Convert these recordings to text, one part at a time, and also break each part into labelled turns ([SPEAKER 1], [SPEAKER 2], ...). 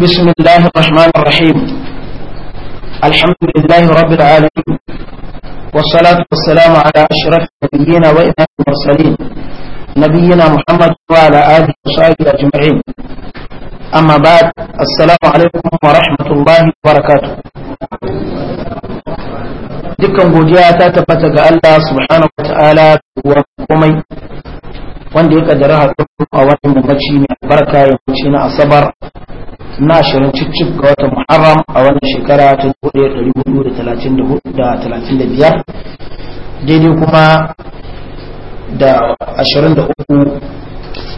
[SPEAKER 1] بسم الله الرحمن الرحيم الحمد لله رب العالمين والصلاة والسلام على أشرف النبيين وإمام المرسلين نبينا محمد وعلى آله وصحبه أجمعين أما بعد السلام عليكم ورحمة الله وبركاته dukkan godiya ta tabbata ga Allah subhanahu wa ta'ala wa komai wanda ya kaddara haɗu a wannan mace mai albarka ya na asabar na shirin cicif ga watan muharram a wannan shekara ta 1434 daidai kuma da 23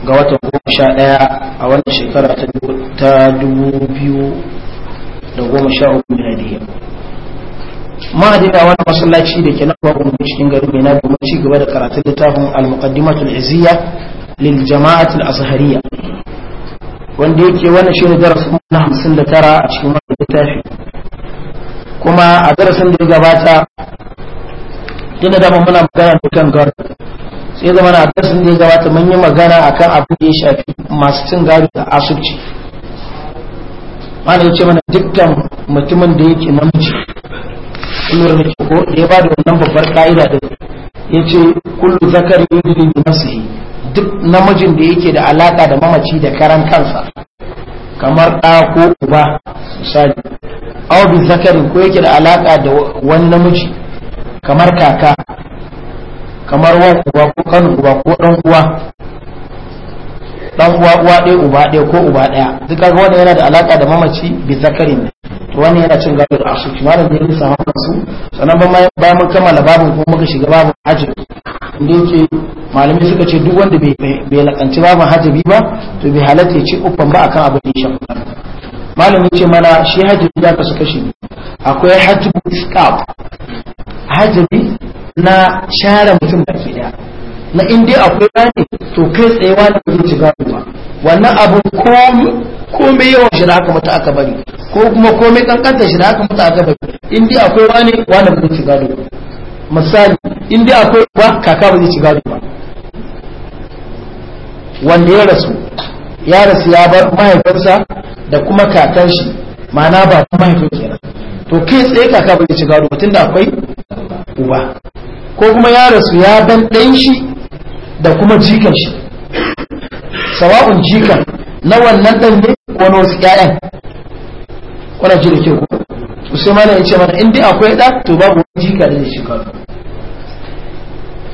[SPEAKER 1] ga watan 11 a wannan shekara ta 2013 miladiya ma'adina wani masallaci da ke nan babu cikin gari mai na domin ci gaba da karatun littafin al-muqaddimatul izziya lil jama'atul azhariya wanda yake wannan shine darasin na hamsin da tara a cikin wannan littafi kuma a darasin da ya gabata tunda da muna magana da kan gado sai zama na darasin da ya gabata mun yi magana akan abu da ya shafi masu cin gado da asubci mana yace mana dukkan mutumin da yake namiji kullum da ko da ya bada wannan babbar ka'ida din yace kullu zakari yudri bi nafsihi duk namijin da yake da alaka da mamaci da karan kansa kamar ɗa ko uba misali aw bi zakarin ko yake da alaka da wani namiji kamar kaka kamar wan uba ko kan uba ko dan uwa dan uwa uwa ɗaya uba ɗaya ko uba ɗaya duk kaga wanda yana da alaka da mamaci bi zakarin wani yana cin gado da asu kuma da yin a su sannan bayan mun kammala babin kuma muka shiga babin hajabi inda yake malamai suka ce duk wanda bai lakanci babin hajabi ba to bai halatta ya ci uffan ba akan abin da ya shafa malami ce mana shi hajabi ya kasu kashi akwai hajabi hajji biyu na share mutum baki daya na inda akwai rani to kai tsayewa da ci shiga ba. wannan abu komai yawan shi da aka mutu aka bari ko kuma komai kankanta shi da aka mutu aka bari in dai akwai wani wani ba zai ci gado misali in dai akwai ba kaka ba zai ci gado ba wanda ya rasu ya rasu ya bar mahaifinsa da kuma kakan shi ma'ana ba ta mahaifin kenan to kai tsaye kaka ba zai ci gado ba tunda akwai uba ko kuma ya rasu ya ban ɗan shi da kuma jikan shi sawa'un jika na wannan ɗan ne ko na wasu ƴaƴan kuna ji da ke ku sai ya ce mana in dai akwai ɗa to babu wani jika da shi shiga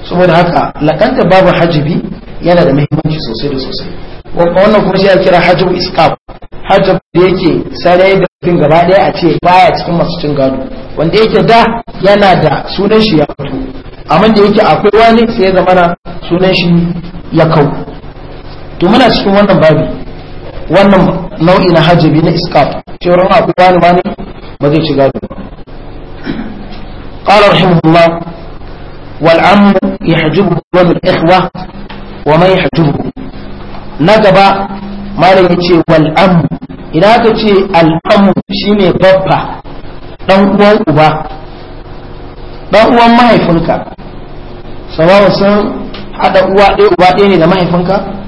[SPEAKER 1] saboda haka lakanta babu hajibi yana da muhimmanci sosai da sosai wannan kuma shi ya kira hajjabu Iska. hajjab da yake sarai da mutum gaba ɗaya a ce baya cikin masu cin gado wanda yake da yana da sunan shi ya fito amma da yake akwai wani sai ya zama sunan shi ya kau to muna cikin wannan babi wannan nau'i na hajjabi na iskaf cewar wani abu bani bani ba zai ci gado ƙalar himma wal'amu ya hajji bu wani ikhwa wa mai hajji bu na gaba mara ya ce wal'amu ina ka ce al'amu shine ne babba ɗan ƙuwan ƙuba ɗan ƙuwan mahaifinka sabawa sun haɗa ƙuwa ɗaya ne da mahaifinka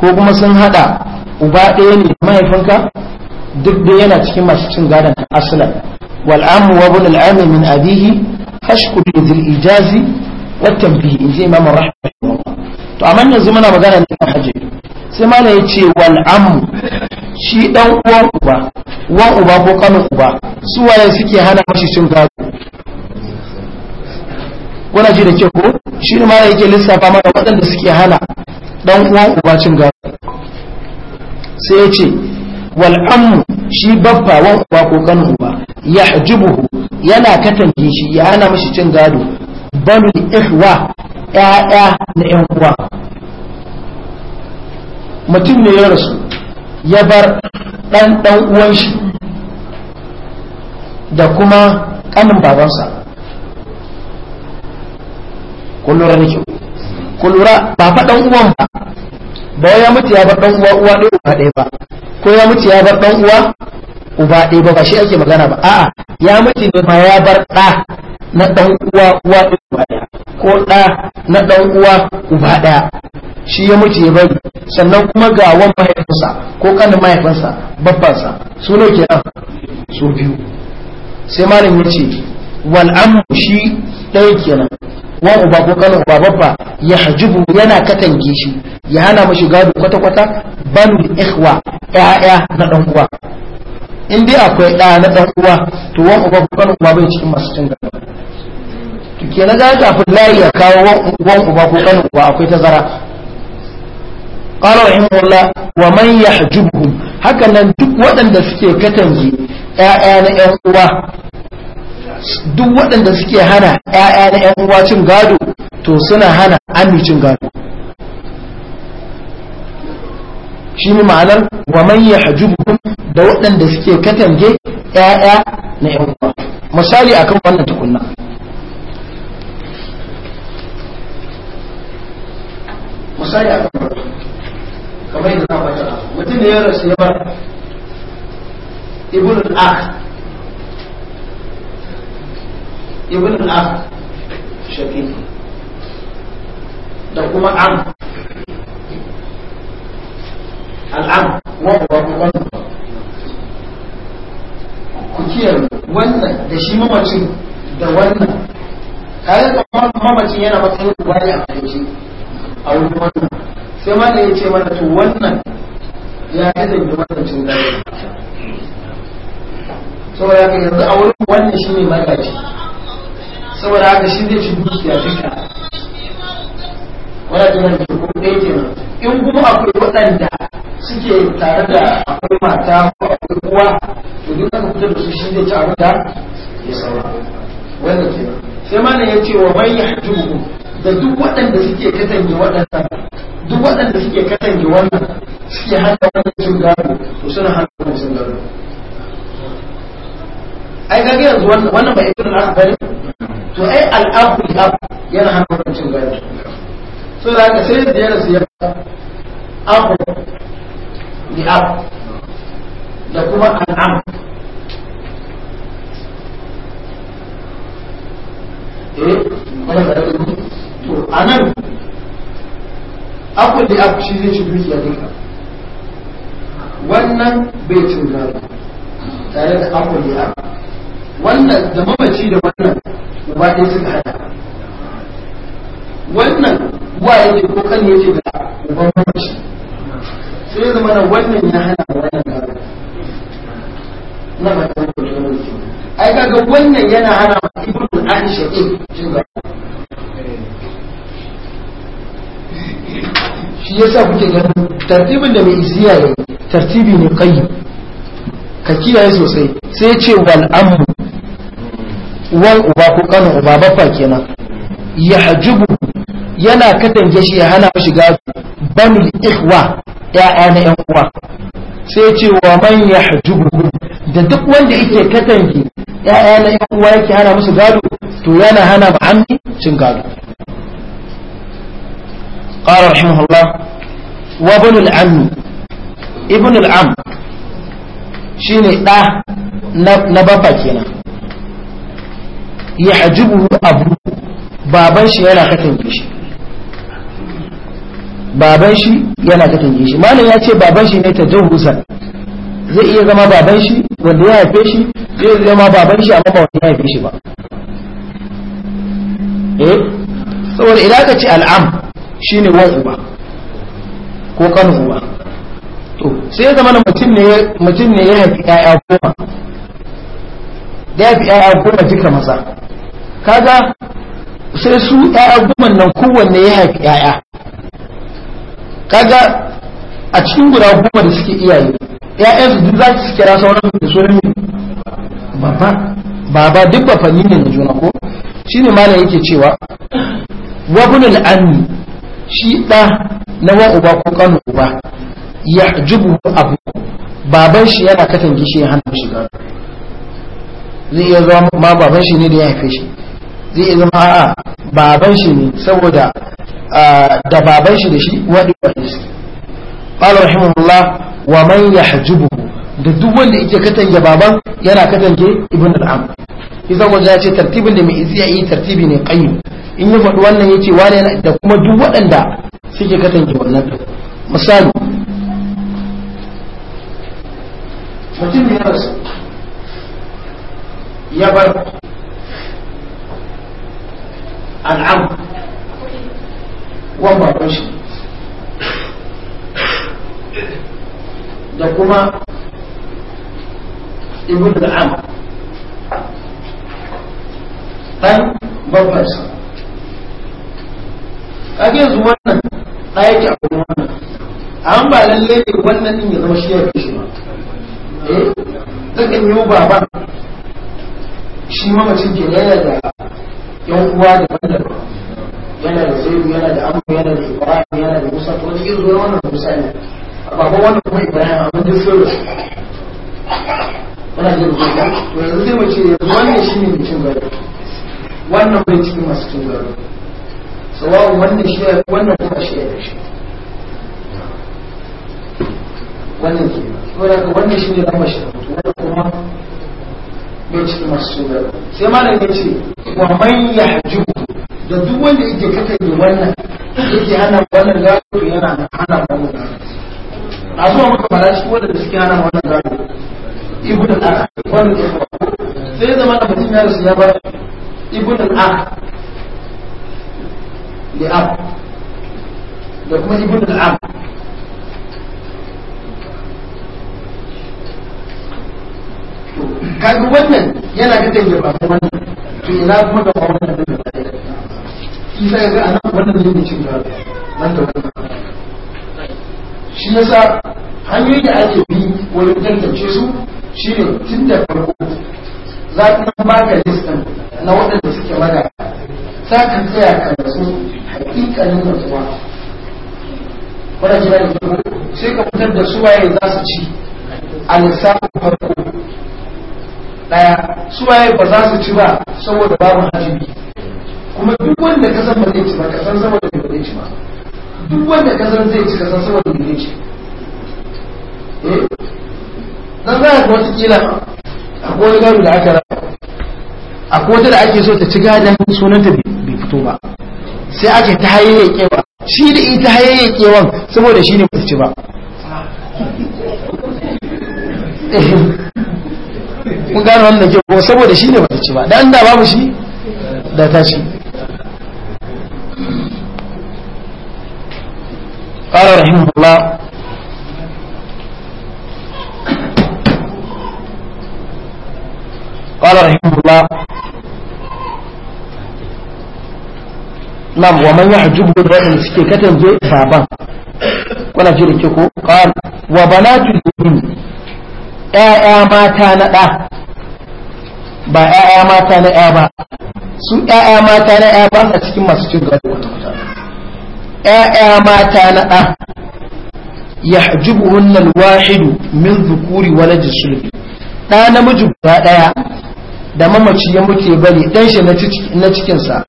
[SPEAKER 1] ko kuma sun hada uba ɗaya ne mahaifinka duk da yana cikin masu cin gadon aslan wal amu wa bin al'ami min abihi hashku bi zil ijazi wa tanbihi in ji imamu rahimahullah to amma yanzu muna magana ne kan hajji sai mala ya ce wal amu shi dan uwan uba uwan uba ko kanin uba su waye suke hana mashi cin gado kuna ji da ke ko shi ne ma yake lissafa mana waɗanda suke hana dan uwa uba cin gado sai ya ce wal ammu shi babba wa uba ko kan uba yahjubuhu yana katange shi ya hana mashi cin gado balul ihwa ya'ya na yan uwa mutum ne ya rasu ya bar ɗan dan uwan shi da kuma ƙanin babansa kun lura da kun lura ba fa dan uwan ba ba ya mutu ya bar dan uwa uwa ɗaya uba ɗaya ba ko ya mutu ya bar dan uwa uba ɗaya ba ba shi ake magana ba a'a ya mutu ne ba ya bar ɗa na dan uwa uwa ɗaya uba ɗaya ko ɗa na dan uwa uba ɗaya shi ya mutu ya bari sannan kuma ga wan mahaifinsa ko kan mahaifinsa babbansa su ne ke nan su biyu sai malam ya ce wal ammu shi ɗaya kenan wa uba ko kanin uba babba ya hajibu yana katange shi ya hana mashi gado kwata-kwata banu ikhwa ƴaƴa na dan uwa in dai akwai ɗa na dan uwa to wa uba ko kanin uba bai cikin masu cin gaba. to na ga fi layi ya kawo wan uba ko kanin uba akwai tazara Allah wa man ومن hakan nan duk waɗanda suke katange ƴaƴa na ƴan uwa duk waɗanda suke hana ‘ya'ya na ‘yan uwa cin gado to suna hana cin gado shi ne ma'anar wa manya hajjubu da waɗanda suke katange ‘ya'ya na ‘yan uwa misali akan wannan tukunna misali akan
[SPEAKER 2] wannan kamar yadda na mutum ne ya rasu ya bar
[SPEAKER 1] ibn al ibn am shaqiqi da kuma am al'am wa huwa ku kiyaye wannan da shi mamacin da wannan kayan mamacin yana matsayin wani a kanci a wurin wannan sai ma da ya ce mana to wannan ya yi da yi wannan cin gari kai yanzu a wurin wannan shi ne magaji saboda haka shi zai ci dukiya duka wani da ke ko ke kenan in kuma akwai waɗanda suke tare da akwai mata ko akwai kuwa, to duk aka fita da su shi zai ci abin da ya saura wanda nan sai ma ya ce wa man yahjuhu da duk waɗanda suke katange waɗannan duk waɗanda suke katange wannan suke hada wannan cin gado to suna hada wannan cin gado ai kage yanzu wannan ba ibn al bari to ai al'abu da yana hana wancan gado so da haka sai da yana su ya abu da abu da kuma al'am eh kuma da ɗan to a nan abu da abu shi zai ci dukiya duka wannan bai cin gado tare da abu da abu wannan da mamaci da wannan ba ɗaya suka haɗa wannan wa yake ko kan yake da uban mamaci sai ya zama wannan ya hana wannan
[SPEAKER 2] gaba na ba ta ai kaga wannan yana hana ibnu aisha din jin ba
[SPEAKER 1] shi yasa kuke ganin tartibin da mai isiya ne tartibi ne kai. ka kiyaye sosai sai ce wal amru uwan uba ko kanin uba baffa kenan ya hajibu yana katange shi ya hana shiga banul ikhwa ya'ya na yan uwa sai ce wa man ya hajibu da duk wanda yake katange ya'ya na yan uwa yake hana musu gado to yana hana muhammi cin gado قال رحمه الله وابن Ibn al am shine ɗa na bafa kenan ya ajibu abu baban shi yana katange shi baban shi yana katange shi malam ya ce baban shi ne ta zai iya zama baban shi wanda ya haife shi zai iya zama baban shi amma ba wanda ya haife shi ba eh saboda idan ka ce al'am shine wan uba ko kan uba to sai ya zama mutum ne mutum ne ya haifi ƴaƴa goma da ya fi ‘ya'ya goma duka maza kaga sai su ‘ya'ya goma nan kowanne ya haifi ‘ya'ya kaga a cikin guda goma da suke iyaye ‘ya'yan su duk za su kira sauran da ne baba baba duk ba fanni ne da juna ko shi ne malam yake cewa wabnul anni shi ɗa na wa uba ko kano uba ya jubu abu baban shi yana katange shi ya hana shiga zai iya zama ma baban shi ne da ya haife shi zai iya zama a'a baban shi ne saboda da baban shi da shi wani wani su ƙwalar rahimahullah wa man ya da duk wanda yake katange baban yana katange ibn al'am isa wajen ya ce tartibin da mai iziya yi tartibi ne ƙayyum in ya faɗi wannan ya ce da kuma duk waɗanda suke katange wannan misali mutum ya rasu ya bar al'am wan baban shi da kuma ibn al'am dan babban sa kage yanzu wannan ɗaya ke a wannan an ba lalle ne wannan din ya zama shi ya fi shi ba eh zaka yi baba shi mamacin ke yana da yan uwa daban-daban yana da zaidu yana da amma yana da ibrahim yana da musa to wani irin wannan musa ne ba ko wannan kuma ibrahim amma duk sai da
[SPEAKER 2] wannan jin kuma to yanzu zai mace yanzu wannan shine
[SPEAKER 1] mai cin gari wannan bai cikin masu cikin gari sawawu wannan shi wannan kuma shi ya shi wannan ke wannan shi ne na mashi wannan kuma bai cikin masu sujada sai malam ya ce wa man yahju da duk wanda yake kaka yi wannan yake hana wannan gado yana hana wannan gado a zuwa muka fara shi wanda da suke hana wannan gado ibn al-akh wannan da
[SPEAKER 2] sai zama da mutum ya rasu ya bar
[SPEAKER 1] ibn al-akh da ab
[SPEAKER 2] da kuma ibn al to kaga wannan yana gadan ya ba wannan
[SPEAKER 1] to ina kuma da wannan da zai shi sai ga anan wannan ne ne cin gaba nan da wannan shi yasa hanyoyin da ake bi wajen tantance su shine tun da farko za ka ba ka listan na waɗanda suke mada za ka tsaya ka da su hakikalin rantsuwa wadda jira da sai ka fitar da su waye za su ci a lissafin farko daya su waye ba za su ci ba saboda babu hajji kuma duk wanda ka san ba zai ci ba ka san saboda ba zai ci ba duk wanda ka san zai ci ka san saboda ba zai ci eh dan za ka wata kila akwai wani gado da aka raba akwai wata da ake so ta ci gadon ta bai fito ba sai ake ta kewa shi da ita kewan saboda shi ne ba su ci ba eh. kun gane wannan ke saboda shi ne ci ba dan da babu shi da ta ce ƙara rahimu Allah قال رحمه الله نعم ومن يحجب الوضع سكي كتن زي إصابان ولا جيري كيكو قال وبنات الوضع 'ya'ya mata na ɗa ba 'ya'ya mata na 'ya ba su 'ya'ya mata na 'ya ba a cikin masu cin gado kwata-kwata 'ya'ya mata na ɗa ya hajjubu hunnan wahidu min zukuri wani jisulbi ɗa namiji guda ɗaya da mamaci ya muke bane ɗan shi na cikinsa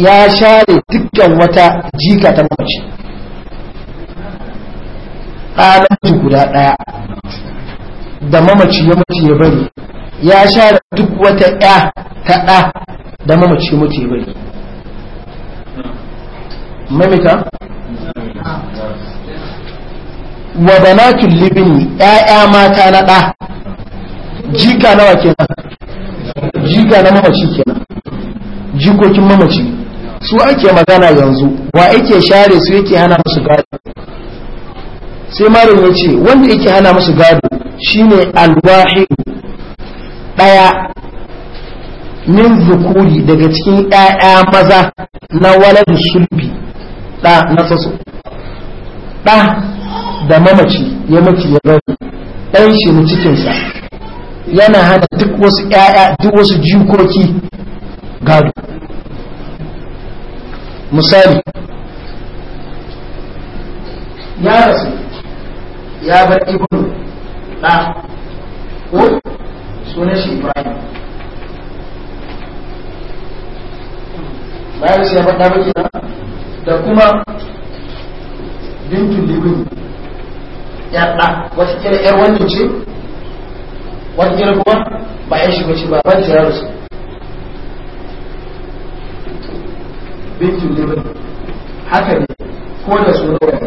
[SPEAKER 1] ya share dukkan wata jika ta mamaci ɗa namiji guda ɗaya da mamaci ya mutu ya bari ya share duk wata ya ta ɗa da mamaci ya mutu ya bari mamita wa banatul libni ƴaƴa mata na ɗa jika nawa kenan jika na mamaci kenan jikokin mamaci su ake magana yanzu wa ake share su yake hana musu gado sai malam ya ce wanda yake hana musu gado shine alwahid daya min zukuri daga cikin ƴaƴa maza na waladu sulbi da na taso da da mamaci ya mace ya rabu ɗan shi na cikinsa yana hana duk wasu ƴaƴa duk wasu jikoki gado misali ya rasu ya bar ibnu ɗa ko sunan shi ibrahim bayan sai ya faɗa baki na da kuma bintun libin ya ɗa wata kira yar wannan ce wata kira kuma ba ya shiga ce ba ban tirar su bintun libin haka ne ko da sunan wani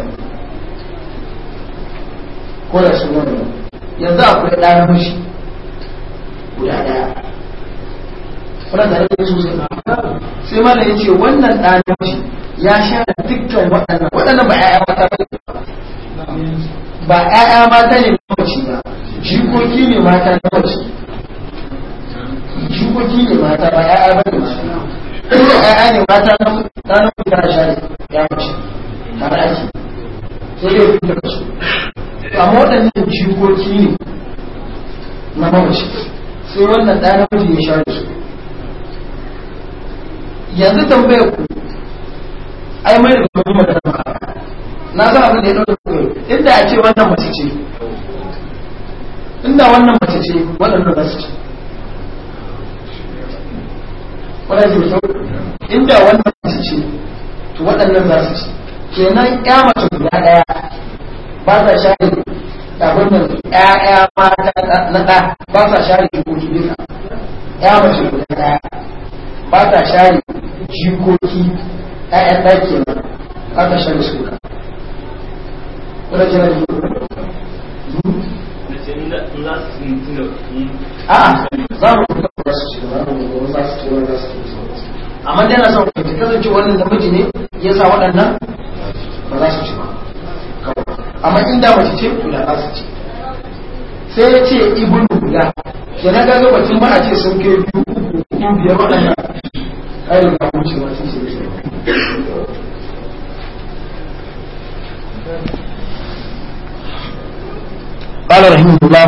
[SPEAKER 1] ko da sunan wani yanzu akwai ɗan mashi guda ɗaya wannan da ake so sai malam ya ce wannan ɗan mashi ya share dukkan waɗannan waɗannan ba ƴaƴa mata
[SPEAKER 2] ba ƴaƴa mata ne mace ba jikoki ne mata na mace
[SPEAKER 1] jikoki ne mata ba ƴaƴa ba ne mace kuma ƴaƴa ne mata na mutane ya share ya mace ta ake sai yau kuma su amma waɗannan jikoki ne na mamaci sai wannan ɗaya na mafi ya share su yanzu tambayar ku ai mai da gudu magana ba
[SPEAKER 2] na za a zai ɗaya ɗauka koyo inda a ce wannan mace ce inda wannan mace ce waɗanda da su ce
[SPEAKER 1] wadda ce kyau inda wannan mace ce to waɗannan za su ce kenan ya mace guda ɗaya ba sa share abin mata na ɗa ba sa share jikoki bisa ya mace guda ɗaya ba sa share jikoki ƴaƴan ɗaki nan ba sa share su kuna ne a
[SPEAKER 2] za mu kuma za su ci za mu za su za su ci amma dai na son kasance wannan namiji ne
[SPEAKER 1] ya sa waɗannan ba za su ci ba amma inda mace ce to da ba su ce sai ya ce ibn ibnu guda
[SPEAKER 2] na ga lokacin ba a ce sun kai biyu uku uku biyar waɗanda ayyukan ba wuce wasu sun ce
[SPEAKER 1] قال رحمه الله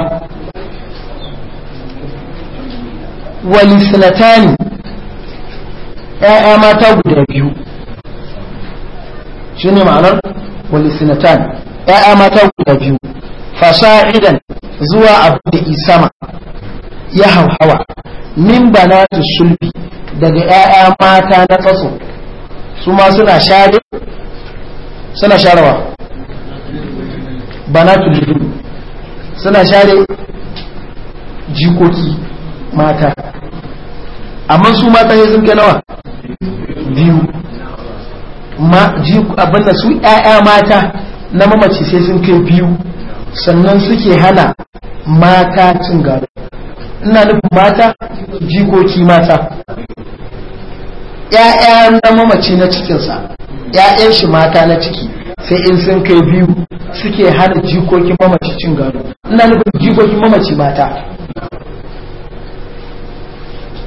[SPEAKER 1] ولسنتان ‘ya'ya mata guda biyu shi ne ma'anar ya'ya mata guda biyu fasa'idan zuwa abu da isama ya hauhawa min banatu sulbi daga ya'ya mata na tsaso su ma suna share suna sharewa banatu lidu suna share jikoki mata amma su mata ya sun nawa biyu abinda su 'ya'ya mata na mamaci sai sun kai biyu sannan suke hana mata cin gado ina nufin mata jikoki mata ‘ya'ya na mamaci na cikinsa ‘ya'yan shi mata na ciki sai in sun kai biyu suke hana jikokin mamaci cin gado ina nufin jikokin mamaci mata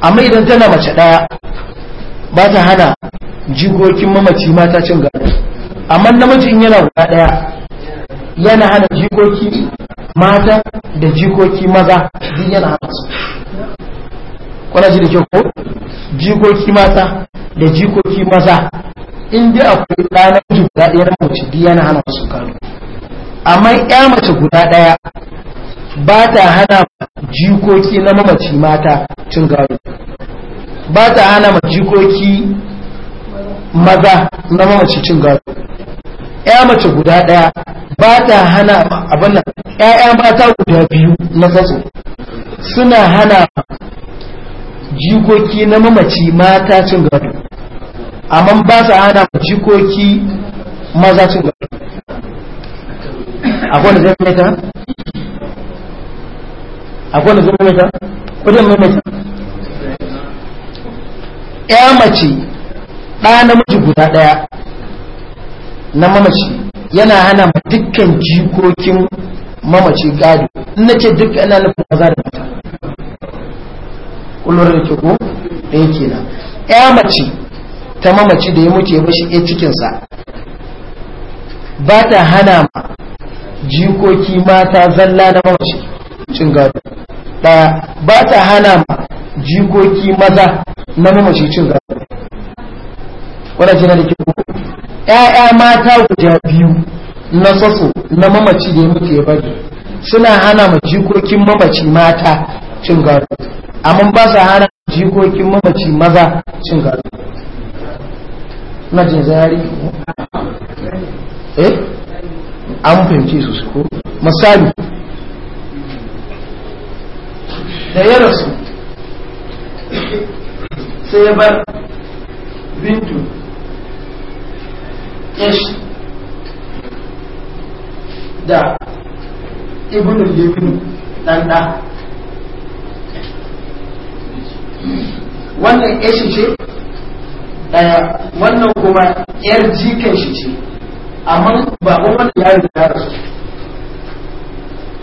[SPEAKER 1] amma idan tana mace ɗaya ba ta hana jikokin mamaci mata cin gado amma namiji in yana guda daya yana hana jikoki mata da jikoki maza duk yana hana su kwana ji da kyau ko jikoki mata da jikoki maza in dai akwai ɗanar guda ɗaya na mace duk yana hana su kano amma ya mace guda ɗaya ba ta hana jikoki na mamaci mata cin gado ba ta hana ma jikoki maza na mamaci cin gado ya mace guda ɗaya ba ta hana abin nan ba mata guda biyu na tsatso suna hana jikoki na mamaci mata cin gado amma ba su hana jikoki maza cin gado akwai da zai mata akwai da zai mata kudin maimaita? ya mace ɗa namiji guda ɗaya na mamaci yana hana dukkan jikokin mamaci gado Ina ce duk ana nufin maza da mata kullum da ke ko da eh, yake na ya mace ta mamaci da ya mutu ya bashi ya cikinsa ba ta hana ma jikoki mata zalla na mamaci cin gado ba ta hana ma jikoki maza na mamaci cin gado wadda jina da ke ko 'ya'ya mata guda biyu na saso na mamaci da ya mutu ya bari suna hana ma jikokin mamaci mata cin gado amma ba su hana jikokin mamaci maza cin gado na jin zari eh an fahimci su ko misali da ya rasu sai ya bar bintu ish da ibn al-yabin dan da wannan ish ce daya wannan kuma yar jikan shi ce amma ba wannan ya riga ya rasu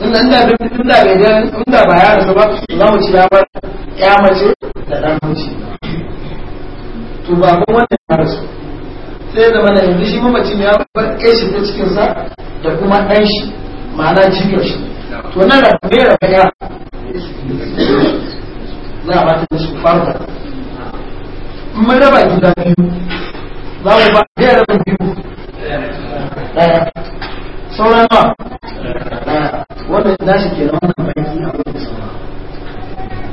[SPEAKER 1] inda inda duk ga inda ba ya rasu ba za mu ci ya bar ya mace da dan mace to ba wannan ya rasu sai da mana yanzu shi mamacin ya bar ƙashi ta cikinsa da kuma ɗan shi ma'ana jiyar shi to nan da bai da ya za a ba ta shi farka mun raba gida biyu za mu ba da raba
[SPEAKER 2] biyu ɗaya sauran nawa ɗaya wanda na shi kenan wannan baki a wajen sama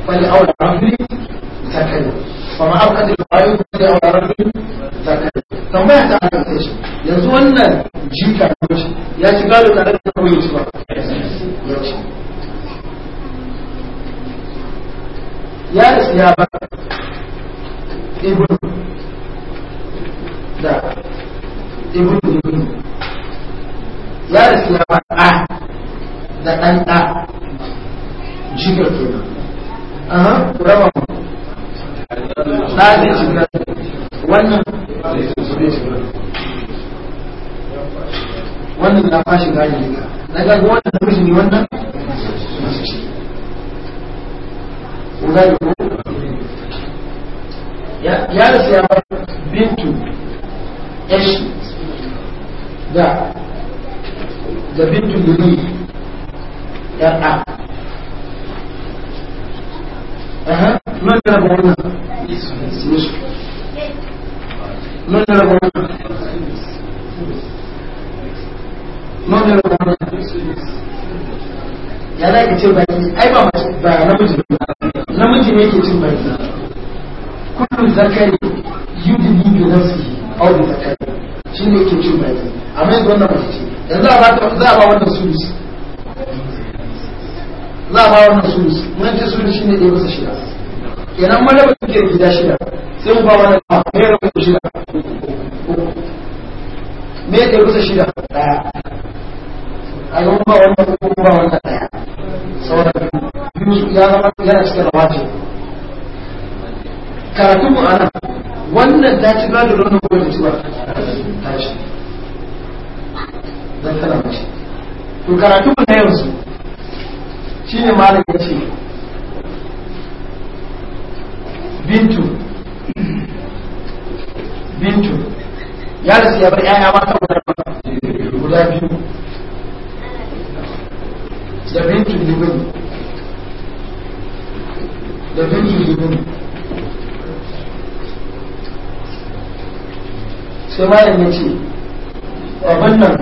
[SPEAKER 2] fali aure rafili ta kai fama abka da bayu da ya rabbi zakari tambaya ta akan kai
[SPEAKER 1] shi yanzu wannan jika ya ci gado kadan da kuma yi ba ya ci ba
[SPEAKER 2] ibn da ibn ibn ya rasu ya ba a da
[SPEAKER 1] ɗan ɗa jikar kenan aha rama mu
[SPEAKER 2] wannan na fashi gani na gaga wannan ne wannan masu ce ya rasu ya ba bintu
[SPEAKER 1] da da bintu
[SPEAKER 2] من ربنا من ربنا من ربنا ya za ka ce baki ai ba ba namiji ba namiji ne ke cin baki
[SPEAKER 1] kullum zakari yudini bi nafsi aw bi zakari shi ne ke cin baki amma yanzu wannan mace ce yanzu a ba za a ba wannan sulus za a ba wannan masa shida kenan mana ba ke gida shida sai mu ba wani ba me ya kusa shida
[SPEAKER 2] me ya kusa shida
[SPEAKER 1] daya a yi ba wani ko ba wani daya saboda biyu ya zama yana cikin rawaje karatu mu ana
[SPEAKER 2] wannan ta ci ba da wannan ko da
[SPEAKER 1] ciwa ta ci dan tana mace to karatu mu na yanzu shine malamin ya ce bintu bintu ya da siya bar yaya mata guda
[SPEAKER 2] biyu da bintu libani
[SPEAKER 1] da bintu libani sai malam ya ce abin nan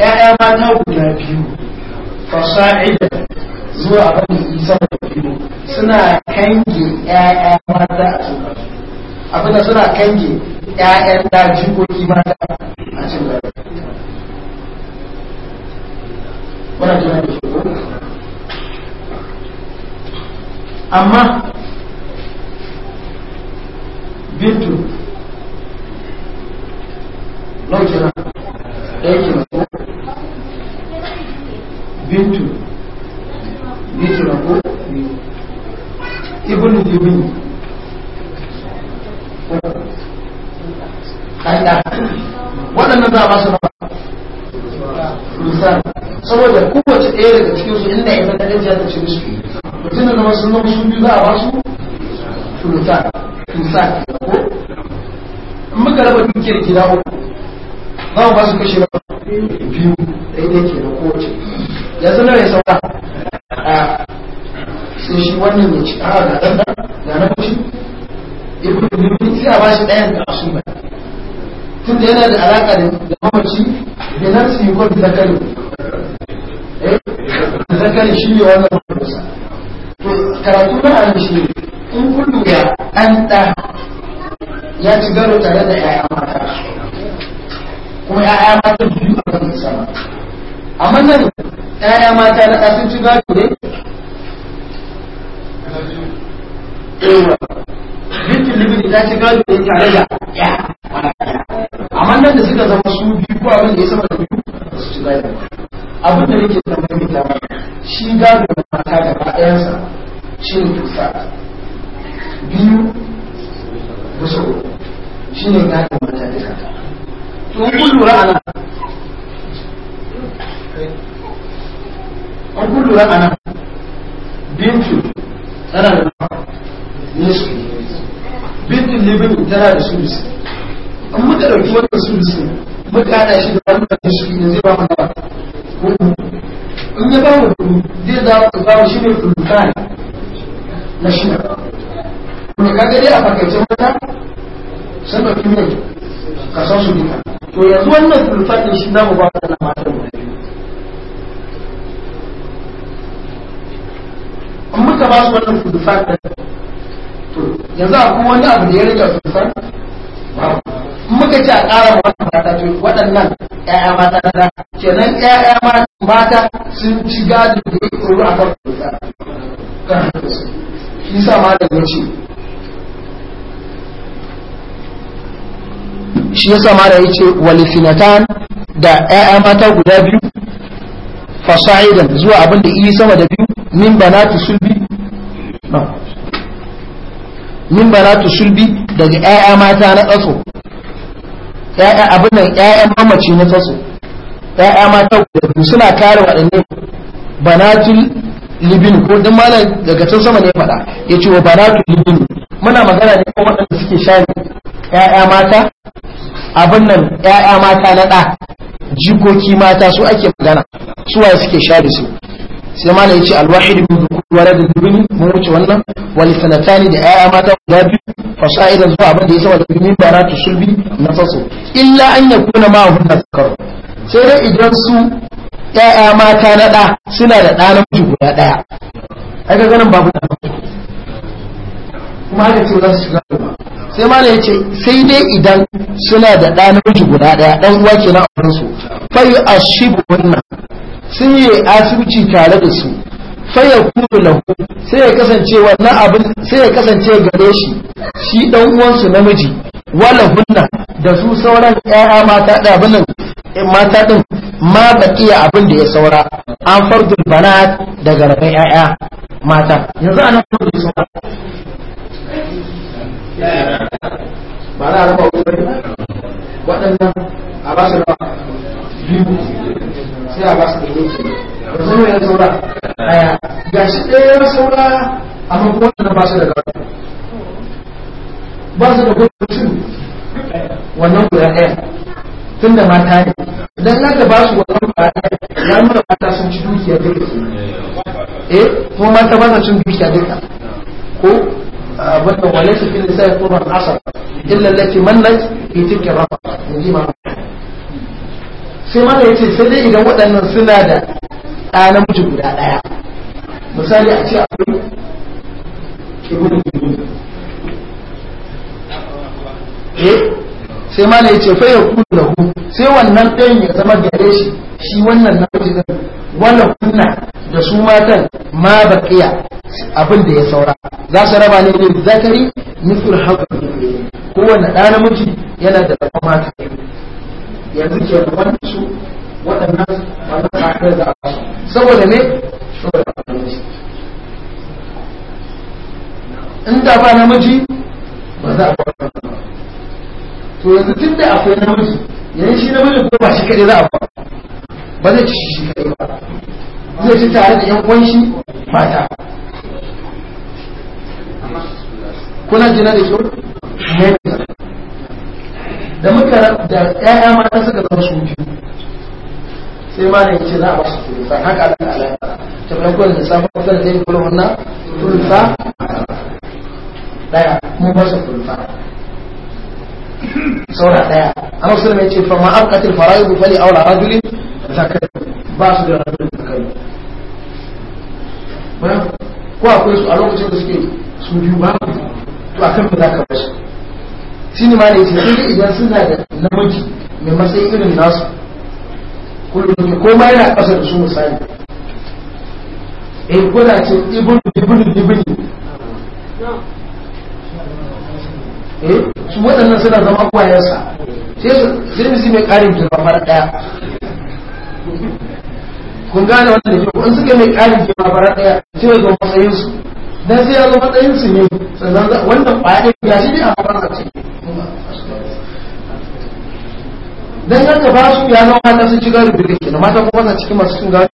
[SPEAKER 1] yaya mata guda biyu
[SPEAKER 2] fasa'ida
[SPEAKER 1] zuwa abin isa da suna kange ƴaƴa mata
[SPEAKER 2] a cin baki abin da suna kange
[SPEAKER 1] ƴaƴa da jikoki
[SPEAKER 2] mata a cin baki wannan jina da shi amma bintu nau kenan ɗaya kenan bintu gudu kanda za a ba saboda kowace
[SPEAKER 1] ɗaya daga cikin su inda ya jata ce musu mutum da sun a ba su ko in muka raba dukiyar gida za mu ba su kashe biyu daidai ke da kowace ya
[SPEAKER 2] a Sun shi wannan ya ci da da namiji ibn rumi sai a bashi ɗayan da asuba tunda yana da alaka da mamaci da na nafsi
[SPEAKER 1] ko da zakari eh zakari shi ne wannan musa karatu na an shi ne in kullu ya an da ya ci garo tare da yaya mata kuma yaya mata biyu a kan sama amma nan yaya mata na kasan ci gado ne
[SPEAKER 2] bintin libidi ta ci gado ne tare da ya
[SPEAKER 1] amma nan da suka zama su biyu ko abin da ya saba da biyu su ci gado abin da yake da maimaita
[SPEAKER 2] ba shi gado da mata gaba ɗayansa shi ne tusa biyu bisa shi ne gado mata duka
[SPEAKER 1] to kun lura a nan
[SPEAKER 2] an kun lura a nan bintu da
[SPEAKER 1] tara da sulusi an muka ɗauki wata sulusi muka haɗa shi da wanda wannan shi ne zai ba mu da hudu in ya ba mu hudu zai za mu ba mu shi ne fulfani na shi ne ka dai a fakaice wata sun ɗauki ka san su duka to yanzu wannan fulfani shi za mu ba mu da matan mu in muka ba su wannan fulfani yanzu a akwai wani abu da ya rika su san muka ce a ƙara wannan mata to waɗannan ƴaƴa mata da kenan ƴaƴa mata sun ci gadi da ya tsoro a kan kuta kan su shi sa ma da yace shi yasa ma da yace walifinatan da ƴaƴa mata guda biyu fasa'idan zuwa abin da iya sama da biyu min banatu sulbi min baratu sulbi daga ƴaƴa mata na tsatso ƴaƴa abin nan ƴaƴan mamaci na tsatso ƴaƴa mata guda suna kare waɗannan banatul libin ko duk malam daga can sama ne faɗa ya ce wa banatul libin muna magana ne ko waɗanda suke share ƴaƴa mata abin nan ƴaƴa mata na ɗa jikoki mata su ake magana su waye suke share su sai ma ce alwahid min dhukuri wa rajul bini mun wuce wannan sanata sanatani da 'ya'ya mata guda biyu idan zuwa abin da ya saba da bara ta sulbi na faso illa an kuna ma hunna sakar sai dai idan su 'ya'ya mata na da suna da na namiji guda daya ai ga ganin babu da kuma haka ce za su shiga gaba sai mana ya ce sai dai idan suna da ɗa namiji guda ɗaya ɗan uwa ke na wurin su fayu ashibu wannan sun yi asibiti tare da su faya na ku sai ya kasance wannan abin sai ya kasance gare shi shi ɗan uwansu namiji wala hunna da su sauran ƴaƴa mata da abin eh, mata din ma iya abin da ya saura an fardul banat
[SPEAKER 2] daga rabin ƴaƴa
[SPEAKER 1] mata yanzu ana saura
[SPEAKER 2] ba na raba wuta ne waɗannan
[SPEAKER 1] a ba su raba biyu sai a ba su da
[SPEAKER 2] wuta
[SPEAKER 1] ba zama yana saura ɗaya ga shi ɗaya saura amma kuma wannan ba su da gaba ba su da gaba mutum wannan guda ɗaya tun da mata ne idan na ba su wannan guda ɗaya ya nuna mata sun ci dukiya duka eh kuma mata ba su cin dukiya duka ko wannan walaysa fil lisan turban asar illa allati mallat fi tilka rafa inji ma sai mana yace sai dai idan waɗannan suna da ɗa mutu guda ɗaya misali a ce akwai gudu eh sai ma ya ce fayar kudu da lahu sai wannan ɗan ya zama gare shi shi wannan na wajen da wanda kuna da su matan ma baqiya abin da ya saura za su raba ne da zakari misal haka kowane ɗa namiji yana da ɗan mata yanzu ke wani su waɗannan wannan kakar da a saboda ne saboda in da ba namiji ba za a ba to yanzu tun da akwai namiji yanzu shi namiji ko ba shi kaɗai za a ba ba zai ci shi kaɗai ba zai ci tare da yan uwan shi mata kuna jina da shi da muka da ƴaƴa mata suka zama shi biyu sai ma ne ce za a basu sai haka da ala ta bai kuwa da samun kusa da zai kula wannan tulufa daya mun su tulufa saura daya a wasu mai ce fama an katil fara'idu fali aula ta zakari ba su da
[SPEAKER 2] rajulin zakari
[SPEAKER 1] ko akwai su a lokacin da suke su biyu ba to akan ba za ka bashi shi ne ma ne ce sai idan suna da namiji mai matsayi irin nasu kullum ko ma yana kasa da su misali eh ko da ce ibn ibn ibn Hmm? su waɗannan suna zama kwayansa sai su sirmisi mai ƙarin girmamar ɗaya kun gane wannan da kun suka mai ƙarin girmamar ɗaya sai ya zo matsayinsu dan sai ya zo matsayinsu ne sannan wannan ƙwayar ya shi ne a faɗa ce
[SPEAKER 2] dan haka ba su ya nawa na sun ci gari da ke, na mata kuma cikin masu cin gari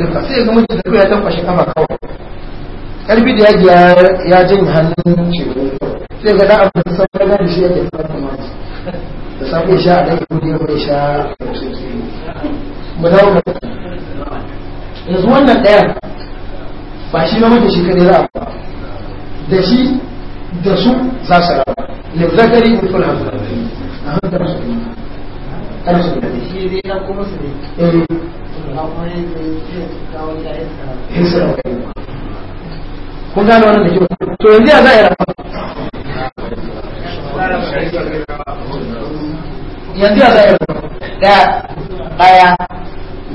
[SPEAKER 2] da ka
[SPEAKER 1] sai ga mutum da ya tankwashe kafa kawai ƙarfi da yaji ya janye hannun
[SPEAKER 2] cewa. sai ga da sauran da shi yake fata da sha a sha dawo yanzu wannan ɗaya
[SPEAKER 1] ba shi na mutu shi kadai za a ba da shi da su za su raba ne zakari kula a hankali su ne
[SPEAKER 2] kan su shi na kuma su ne
[SPEAKER 1] da kyau to yanzu ya za a
[SPEAKER 2] yi
[SPEAKER 1] yanzu ya zai daya daya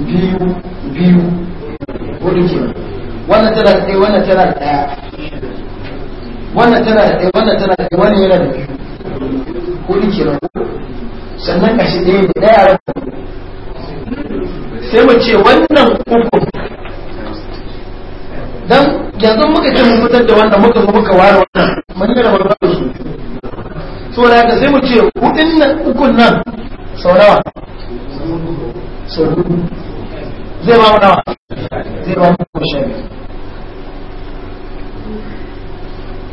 [SPEAKER 2] biyu biyu
[SPEAKER 1] hudu ke wannan tana da ɗaya wannan tana da ɗaya wannan tana da ɗaya wannan tana da ɗaya wannan yana da biyu hudu ke nan sannan kashi ɗaya ne ɗaya rabu sai mu ce wannan uku dan yanzu muka ce mu fitar da wannan muka muka ware wannan mun yi rabar so da haka sai mu ce hudun nan ukun nan sau nawa sau hudu zai ba mu nawa zai ba mu goma sha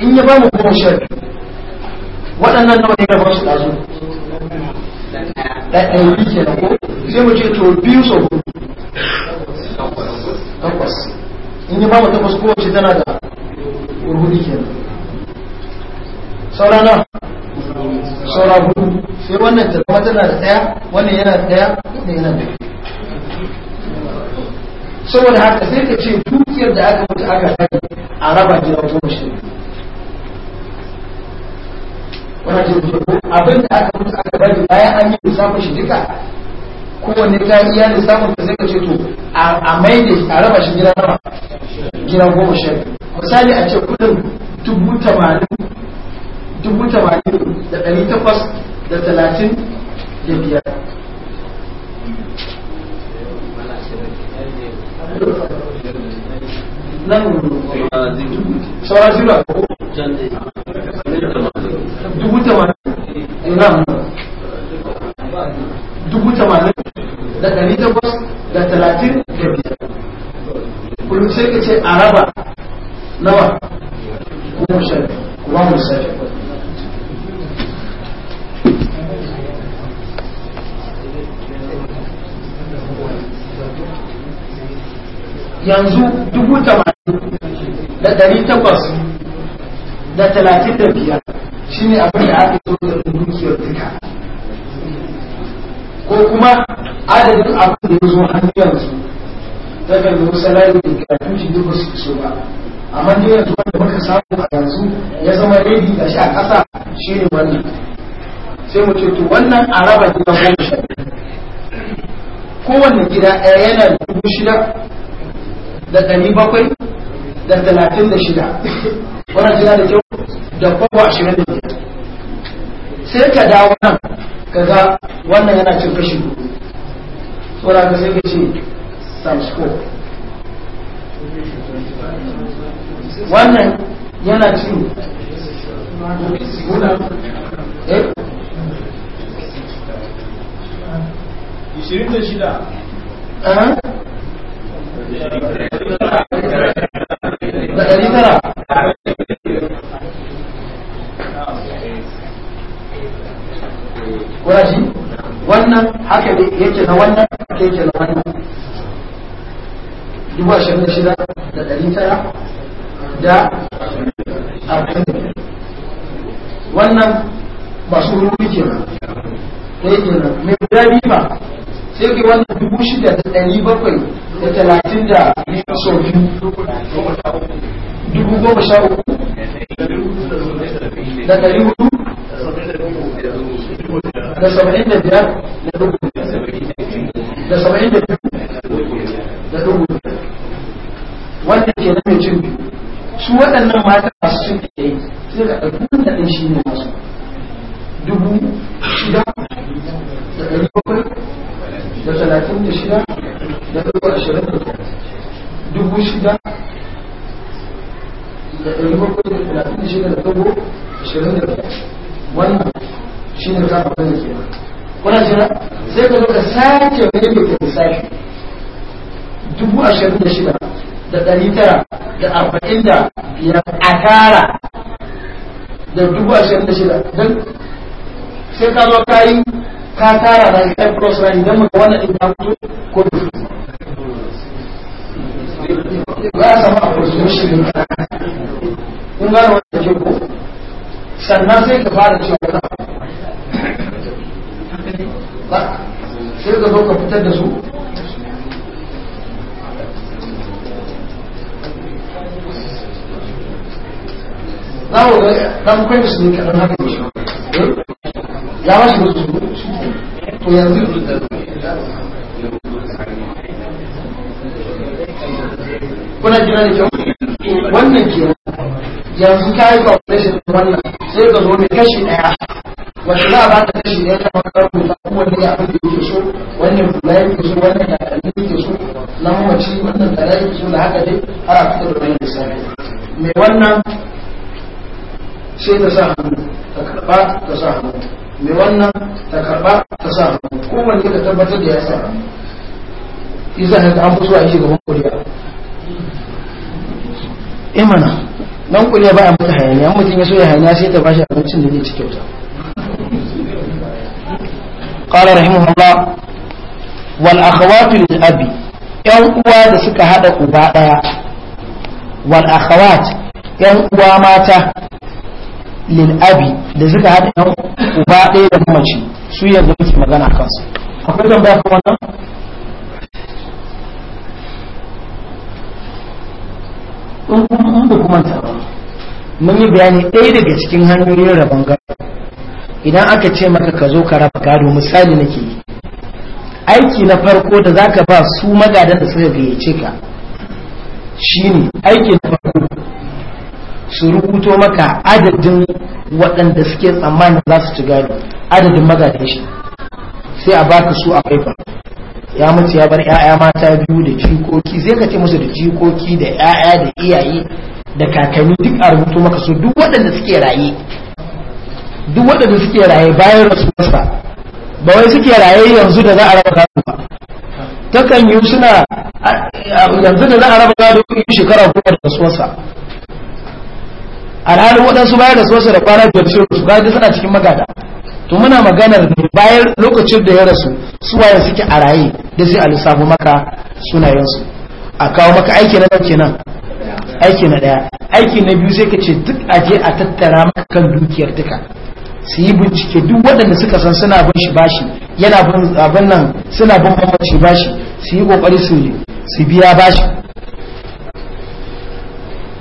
[SPEAKER 1] in ya ba mu goma sha biyu waɗannan nawa ne ya ba su ɗazu ɗaiɗaiɗi ke na ko sai mu ce to biyu sau hudu takwas in yi bamu takwas kowace tana da wurhudi ke nan saurana saura hudu sai wannan tarwa tana da daya
[SPEAKER 2] wannan yana da daya wannan yana da
[SPEAKER 1] saboda haka sai ka ce dukiyar da aka mutu aka sani a raba gida goma shi
[SPEAKER 2] wannan ce ku abin da aka mutu aka bari bayan an yi lissafin
[SPEAKER 1] shi duka kowanne ta iya samun da sai ka ce to a mai da a raba shi gida raba gida goma shi misali a ce kudin dubu tamanin dubu tamanin
[SPEAKER 2] da ɗari takwas da talatin da biyar nan sauran zira ko dubu tamanin dubu tamanin da ɗari takwas da talatin da biyar
[SPEAKER 1] kullum sai ka ce araba nawa kuma musafi
[SPEAKER 2] yanzu dubu tamanin da dari takwas da talatin
[SPEAKER 1] da biyar shi ne abin da aka zo da dukiyar duka ko kuma adadin abin da ya zo hannu yanzu daga da wasu layi da karatu shi duka su so ba amma ne yanzu wanda muka samu a yanzu ya zama redi da shi a ƙasa shi ne wannan sai mu ce to wannan a raba gida goma sha kowanne gida ɗaya yana dubu shida da ɗari bakwai da talatin da shida wannan jina da kyau da kwabo ashirin da biyar sai ka dawo nan kaga wannan yana cin kashi hudu saboda ka sai ka ce samsko
[SPEAKER 2] wannan yana cin hudu eh 26 da wannan haka yake na wannan haka yake na wannan dubu
[SPEAKER 1] ashirin da shida da ɗari tara da arba'in wannan masu ruru kenan ɗaya kenan mai guda biyu ba sai ke wannan dubu shida da ɗari bakwai da talatin da ya so biyu dubu goma sha uku
[SPEAKER 2] da ɗari hudu da saba'in da biyar da dubu da saba'in da biyu da dubu wanda ke na mai cin su waɗannan mata masu cin da yi sai ka
[SPEAKER 1] ɗauki da ɗin shi ne masu dubu shida talatin da shida da dubu ashirin da dubu shida da ɗari bakwai da talatin da shida da dubu ashirin da wannan shi ne za a bada ke kuna jira sai ka zo ka sake wani mai sake dubu ashirin da shida da ɗari tara da arba'in da biyar a tara da dubu ashirin da shida don sai ka zo ka yi ka tara da red cross line idan muka wannan din ya
[SPEAKER 2] fito ko ba a samu approximation ne kun gane wanda ke ko sannan sai ka fara cewa
[SPEAKER 1] ba sai ka zo ka fitar da su
[SPEAKER 2] Na wuri ɗan kwanci su ne kaɗan haka ne ya kuna jira da kyau wannan ke
[SPEAKER 1] yanzu ka yi operation wannan sai ka zo ne kashi daya
[SPEAKER 2] wanda za a ba ta kashi daya ta makarar kuma kuma ne ya abin da yake so wannan kula ke so wannan ya ke yake so na mamaci wannan tare yake
[SPEAKER 1] so da haka dai har a fitar da wannan misali mai wannan sai ta sa hannu ta karba ta sa hannu mai wannan ta karba ta sa hannu kowanne ka tabbatar da ya sa hannu isa ne ta an fusuwa yi gaban kuriya imana eh, nan kuriya ba a mata hayaniya mutum ya so ya hayaniya sai ta bashi abincin da zai ci kyauta قال رحمه الله والأخوات للأبي ‘yan uwa da suka haɗa uba ɗaya, wal akhawat ‘yan uwa mata abi da suka haɗa yan
[SPEAKER 2] uba ɗaya da
[SPEAKER 1] ci su yanzu muke magana su, akwai tambaya kan wannan in ba kuma ta ba mun yi bayani ɗaya daga cikin hanyoyin rabon gado idan aka ce maka ka zo ka raba gado misali nake yi aiki na farko da zaka ba su magadan da suka gayyace ka shine aiki na farko su rubuto maka adadin waɗanda suke tsammanin za su ci gado adadin magajin shi sai a baka su a faifa ya mutu ya bar 'ya'ya mata biyu da jikoki zai ka ce musu da jikoki da 'ya'ya da iyaye da kakanni duk a rubuto maka su duk waɗanda suke raye duk waɗanda suke raye bayan wasa, ba wai suke raye yanzu da za a raba gado ba takan yi suna yanzu da za a raba gado shekara goma da rasuwarsa alhalin waɗansu bayan rasuwarsa da kwana biyar sun su gaji suna cikin magada to muna maganar bayan lokacin da ya rasu su waye suke a raye da zai a lissafi maka sunayensu a kawo maka aiki na ɗauke nan aiki na ɗaya aiki na biyu sai ka ce duk aje a tattara maka kan dukiyar duka su yi bincike duk waɗanda suka san suna bin shi bashi yana bin abin nan suna bin mamaci bashi su yi ƙoƙari su biya bashi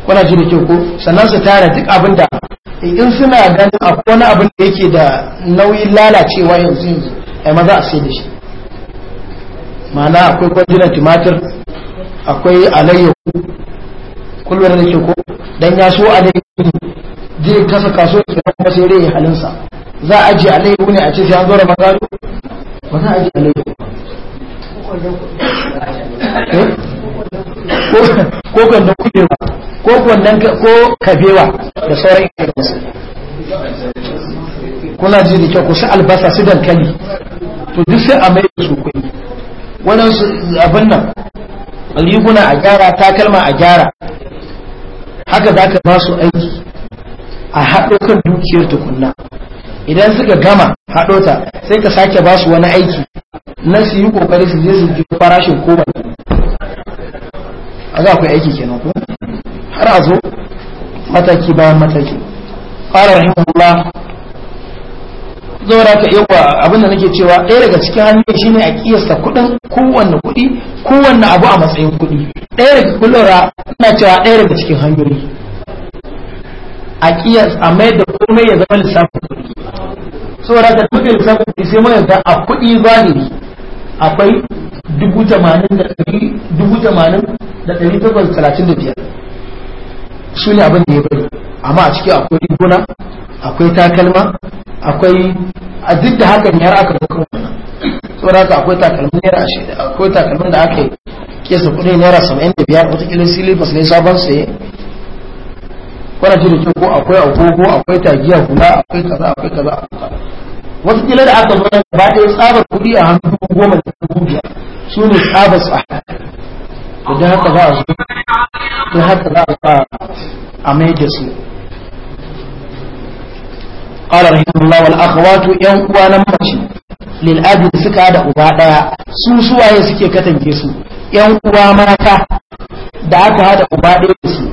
[SPEAKER 1] kuna ji da kyau ko sannan su tara duk abin da in suna ganin akwai wani abin da yake da nauyin lalacewa yanzu yanzu ai maza a sai da shi ma'ana akwai kwanjinan tumatir akwai alayyahu kullum da ke ko dan ya so alayyahu zai kasa kaso da kuma sai rai halinsa za a ajiye alayyahu ne a ce sai an zo da magalo ba za a ji alayyahu eh? ko kwandon kubewa ko kwandon ko kafewa da sauran irinsu kuna ji da kyau ku sa albasa su dankali to duk sai a mai su kuɗi waɗansu abin nan riguna a gyara takalma a gyara haka za ka ba su aiki a haɗo kan dukiyar tukunna idan suka gama haɗo ta sai ka sake ba su wani aiki na su yi su je su ji farashin kowane a za ku aiki kenan ko har a zo mataki bayan mataki fara rahimahullah zaura ka yawa abin da nake cewa ɗaya daga cikin hanyoyi shine a kiyasta kuɗin kowanne kuɗi kowanne abu a matsayin kuɗi ɗaya daga kullura ina cewa ɗaya daga cikin hanyoyi a kiyas a mai da komai ya zama lissafin kuɗi saboda ka duk lissafin kuɗi sai mun yarda a kuɗi zahiri akwai dubu tamanin da ɗari takwas talatin da biyar su ne abin da ya bari amma a ciki akwai riguna akwai takalma akwai a duk da haka yara aka bukar wannan saboda haka akwai takalmin naira ashirin akwai takalmin da aka yi kesa kuɗi naira saba'in da biyar wataƙila silifas ne sabon saye kwanaki da ko akwai agogo akwai tagiya hula akwai kaza akwai kaza akwai kaza wasu kila da aka bar ba ɗaya tsaba kuɗi a hannun goma da dubu biyar su ne tsaba a haka da haka za a zo da haka za a zo a mai da su ƙara rahimu Allah wal wato ‘yan uwa na mace lil'adu da suka da uba ɗaya su suwaye suke katange su ‘yan uwa mata da aka hada uba ɗaya su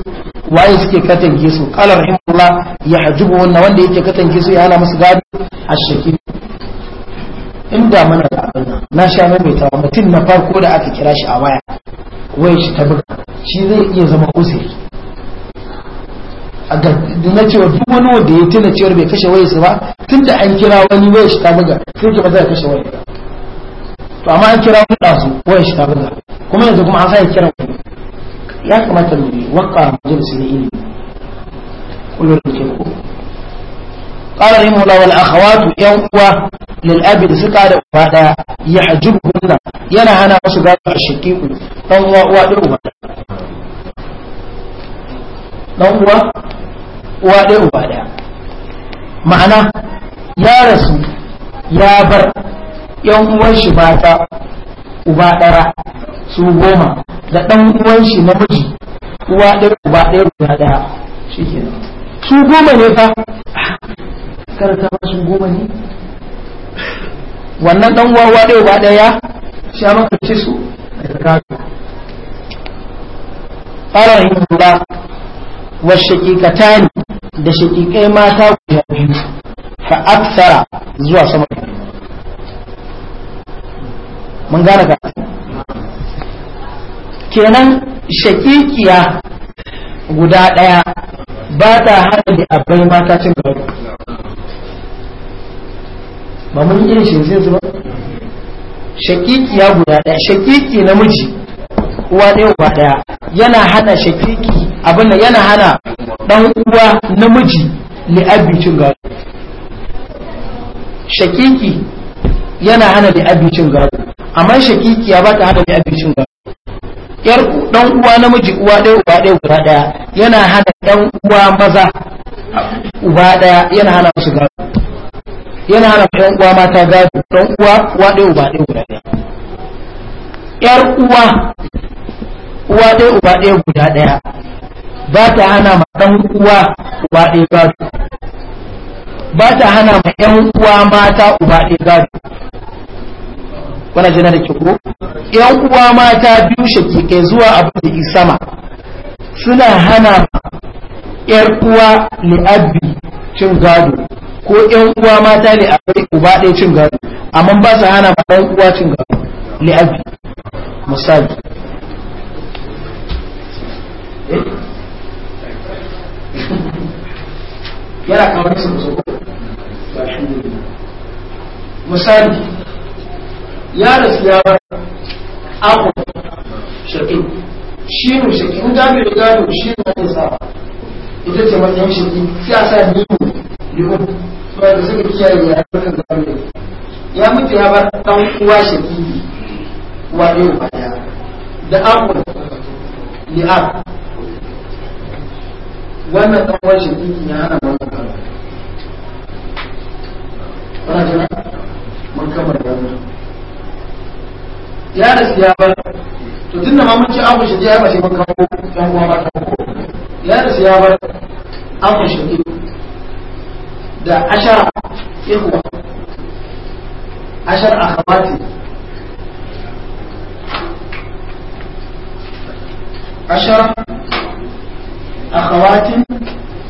[SPEAKER 1] waye suke katange su qala rahimullah yahjubu wannan wanda yake katange su yana musu gado ashaki inda mana da abin na sha mai tawa mutum na farko da aka kira shi a waya waya shi ta buga shi zai iya zama usiri a na cewa duk wani wanda ya tuna cewar bai kashe su ba tunda an kira wani waya shi ta buga sai ki ba zai kashe wayarsa to amma an kira wani ɗazu waya shi ta buga kuma yanzu kuma an sa kira wani ya kamata mu waka mujin su ne ilimi kullum da ke ko qala rahimu allah yan uwa lil abi da suka da uwa da ya yana hana su ga shiki ku dan uwa uwa ma'ana ya rasu ya bar yan uwan shi mata uba ɗara su goma da ɗan uwan shi miji uwa ɗaya uba ɗaya guda ɗaya shikenan su goma ne fa ta ba su goma ne wannan ɗan uwa uwa ɗaya uba ɗaya sha ka ce su daga gado ƙara yin wa shakikatani da shakikai mata guda biyu fa aksara zuwa sama mun gane ka kenan shakikiya guda ɗaya ba ta hana da abai mata cin gaba ba mun yi shi zai zuba shakikiya guda ɗaya shakiki namiji uwa ɗaya uwa ɗaya yana hana
[SPEAKER 2] shakiki
[SPEAKER 1] abin da yana hana ɗan uwa namiji li'abbi cin gado shakiki yana hana li'abbi cin gado amma shakikiya ba ta hada ne abincin ba yar dan uwa namiji uwa ɗaya uba ɗaya guda ɗaya yana hana dan uwa maza uba ɗaya yana hana su gado yana hana dan uwa mata gado dan uwa uwa ɗaya uba ɗaya guda ɗaya yar uwa uwa ɗaya uba ɗaya guda ɗaya ba ta hana ma dan uwa uba ɗaya gado ba ta hana ma yan uwa mata uba ɗaya gado kuna jina da kiko yan uwa mata biyu ke zuwa abin da isama suna hana yar uwa abbi cin gado ko yan uwa mata ne bai uba ɗaya cin gado amma ba su hana ba uwa cin gado li'abbi misali eh? yana kamar su misali ya rasu ya aku shaƙi shi ne shaƙi in ta bai gano shi ne ake sa ita ce matsayin shaƙi sai a sa ni mu limu ba da suka kiyaye ya harkar zamani ya mutu ya bar ɗan uwa ne uwa ne ba ya? da ne li'ab wannan ɗan uwa ne ya hana wannan kama. na, jana? Mun kamar wannan. ya rasu ya bar to tun da mamanci abu shi ya bashi ban kawo
[SPEAKER 2] dan uwa ba kawo ya rasu ya bar
[SPEAKER 1] abu shi da ashara ihwa ashar akhawati ashara akhawatin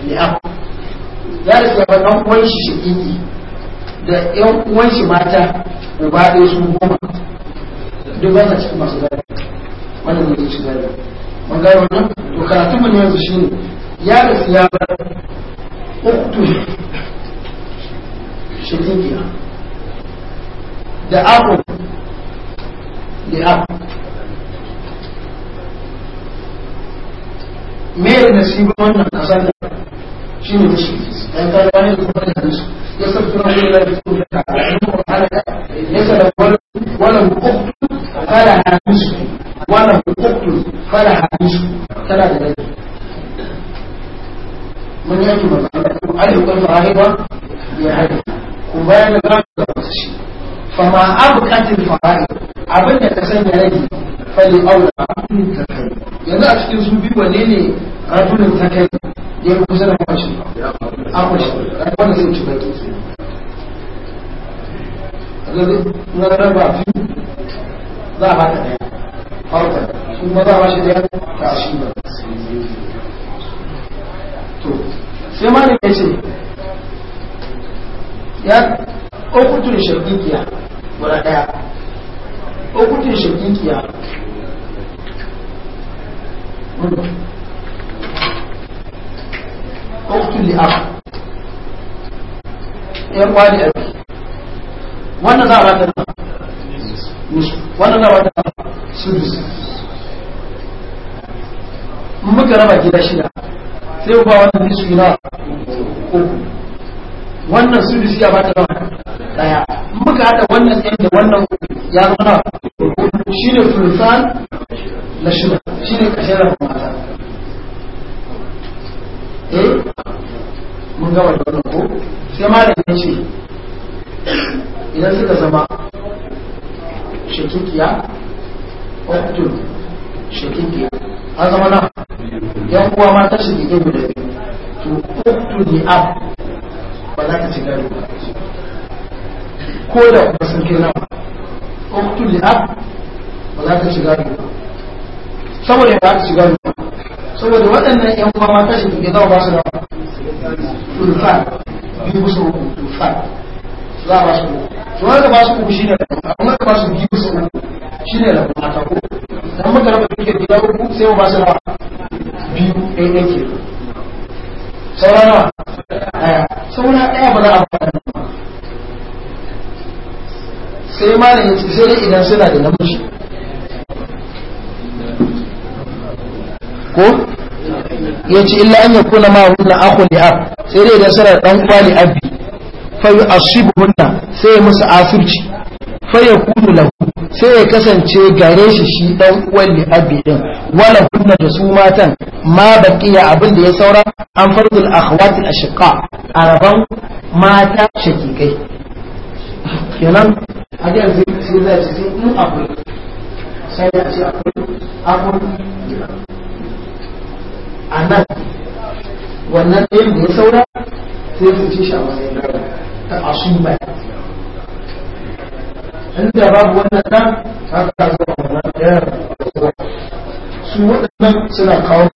[SPEAKER 1] li ab ya rasu siya bar dan uwan shi shi da yan uwan shi mata uba ɗaya sun goma duk ba sa cikin masu gari wannan ne shi gari mun gari wannan to karatun mu yanzu shine ya da siya uktu da abu da abu
[SPEAKER 2] mai nasibin wannan kasar da shi ne shi dan ta
[SPEAKER 1] gane da kuma da su ya da su da ta ya uktu fara nisfu wannan hukukun fara nisfu tana da rai mun yi yanki ba ku ayyukan fara'iba ya haihu ku bayan da za ku gaba shi fama abukatin fara'i abinda ka sanya rage fali aula abin ta kai yanzu a cikin su biyu wane ne
[SPEAKER 2] rajulin ta kai
[SPEAKER 1] ya kusa da kwashi
[SPEAKER 2] akwashi wanda sai ci baki
[SPEAKER 1] na raba fi
[SPEAKER 2] za a baka ɗaya farkon shi kuma za a bashi ɗaya ta ashirin da to
[SPEAKER 1] sai malam ya ce ya ukutun shakikiya guda ɗaya ukutun shakikiya ukutun li'ab yan kwali abi wannan za a bata musu wannan na wata sudus muka raba gida shida sai ba wannan nisu na uku wannan sudus ya bata nawa daya muka hada wannan ɗayan da wannan ya zama shi ne sultan na shida shi ne ƙashin da mata eh mun gama da wannan ko sai malam ya ce idan suka zama shakikiya uktun shakikiya an zama na yan uwa shi shakike guda biyu to uktun ni ab ba za ka ci ba ko da kuma sun kai nawa uktun a a ba za ka ci ba saboda ba ka ba
[SPEAKER 2] saboda waɗannan yan shi ba su da biyu su uku tulfan za a ba su uku to ba su uku shi ne rabu amma da ba
[SPEAKER 1] su biyu su uku shi ne rabu mata ko dan muka raba dukiyar gida uku sai mu ba su rawa biyu ɗaya ɗaya ke sauran nawa ɗaya sauran ɗaya ba za a ba da
[SPEAKER 2] sai ma ne sai dai idan suna da namiji
[SPEAKER 1] ko ya ce illa an yakuna ma wani akhuli ab sai dai idan suna da ɗan kwali abi fayu asibunna sai musu asirci faya kunu lahu sai ya kasance gare shi shi dan uwan li'abi abidin wala kunna da su matan ma baqiya abin da ya saura an fardul akhwat al ashqa araban mata shakikai kenan a ga yanzu sai za ci sai in akwai sai ya ce akwai akwai anan wannan ɗayan da ya saura sai su ci shi a matsayin
[SPEAKER 2] عصوبة
[SPEAKER 1] عند باب والنساء
[SPEAKER 2] هذا suna
[SPEAKER 1] kawo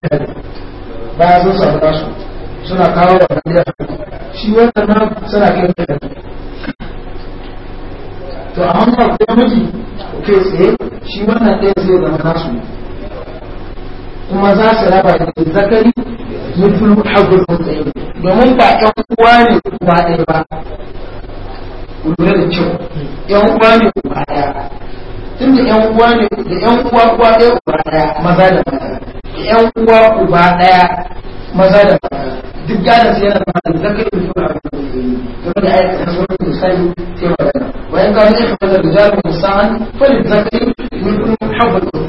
[SPEAKER 1] suna kawo wa shi wannan suna kai da
[SPEAKER 2] to a hankali ko miji ke tsaye shi wannan ɗaya zai zama nasu kuma za su raba
[SPEAKER 1] da zakari mutum hagu da tsaye domin ba ɗan uwa ne uwa ɗaya ba lura da kyau ɗan uwa ne uwa ɗaya tun da ɗan uwa ne da ɗan uwa uwa ɗaya uwa ɗaya maza da mata da ɗan uwa uba ɗaya maza da mata duk gadon su yana da zakari da sura da
[SPEAKER 2] kuma
[SPEAKER 1] da aiki na sauran da sai sai magana wa in kana yake da rijal musan falil zakari min habbatu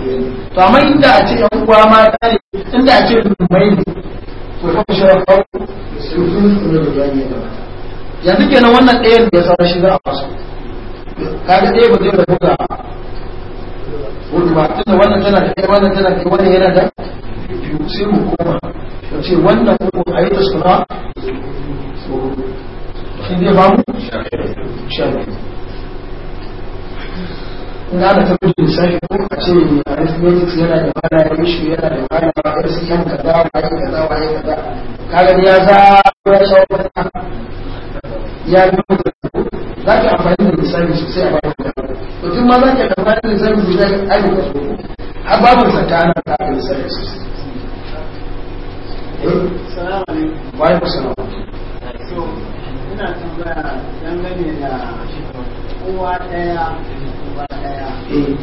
[SPEAKER 1] to amma inda a ce ɗan uwa mata ne inda a ce mai ne to shi ya da gani ba yanzu kenan wannan ɗayan da ya sa shi za a basu kaga ɗaya ba zai rabu ga
[SPEAKER 2] wani tunda wannan tana da ɗaya wannan tana da wannan yana da biyu sai mu koma ya ce wannan ko a yi da suna shi zai ba mu sha
[SPEAKER 1] in ana ta da lissafi ko a ce arithmetics yana da wahala ya mishi yana da wahala ya kai su yan kaza wa yi kaza wa yi kaza kaga ya za ya shawo wata ya yi mutu za ka amfani da lissafi sosai a babu da mutum ma
[SPEAKER 2] za ka amfani da lissafi sosai a yi kaso a babu zaka ana da lissafi sosai.
[SPEAKER 1] Eh? Salamu alaikum. Wa alaikum salam.
[SPEAKER 2] So, ina tambaya dangane da kowa ɗaya Eh.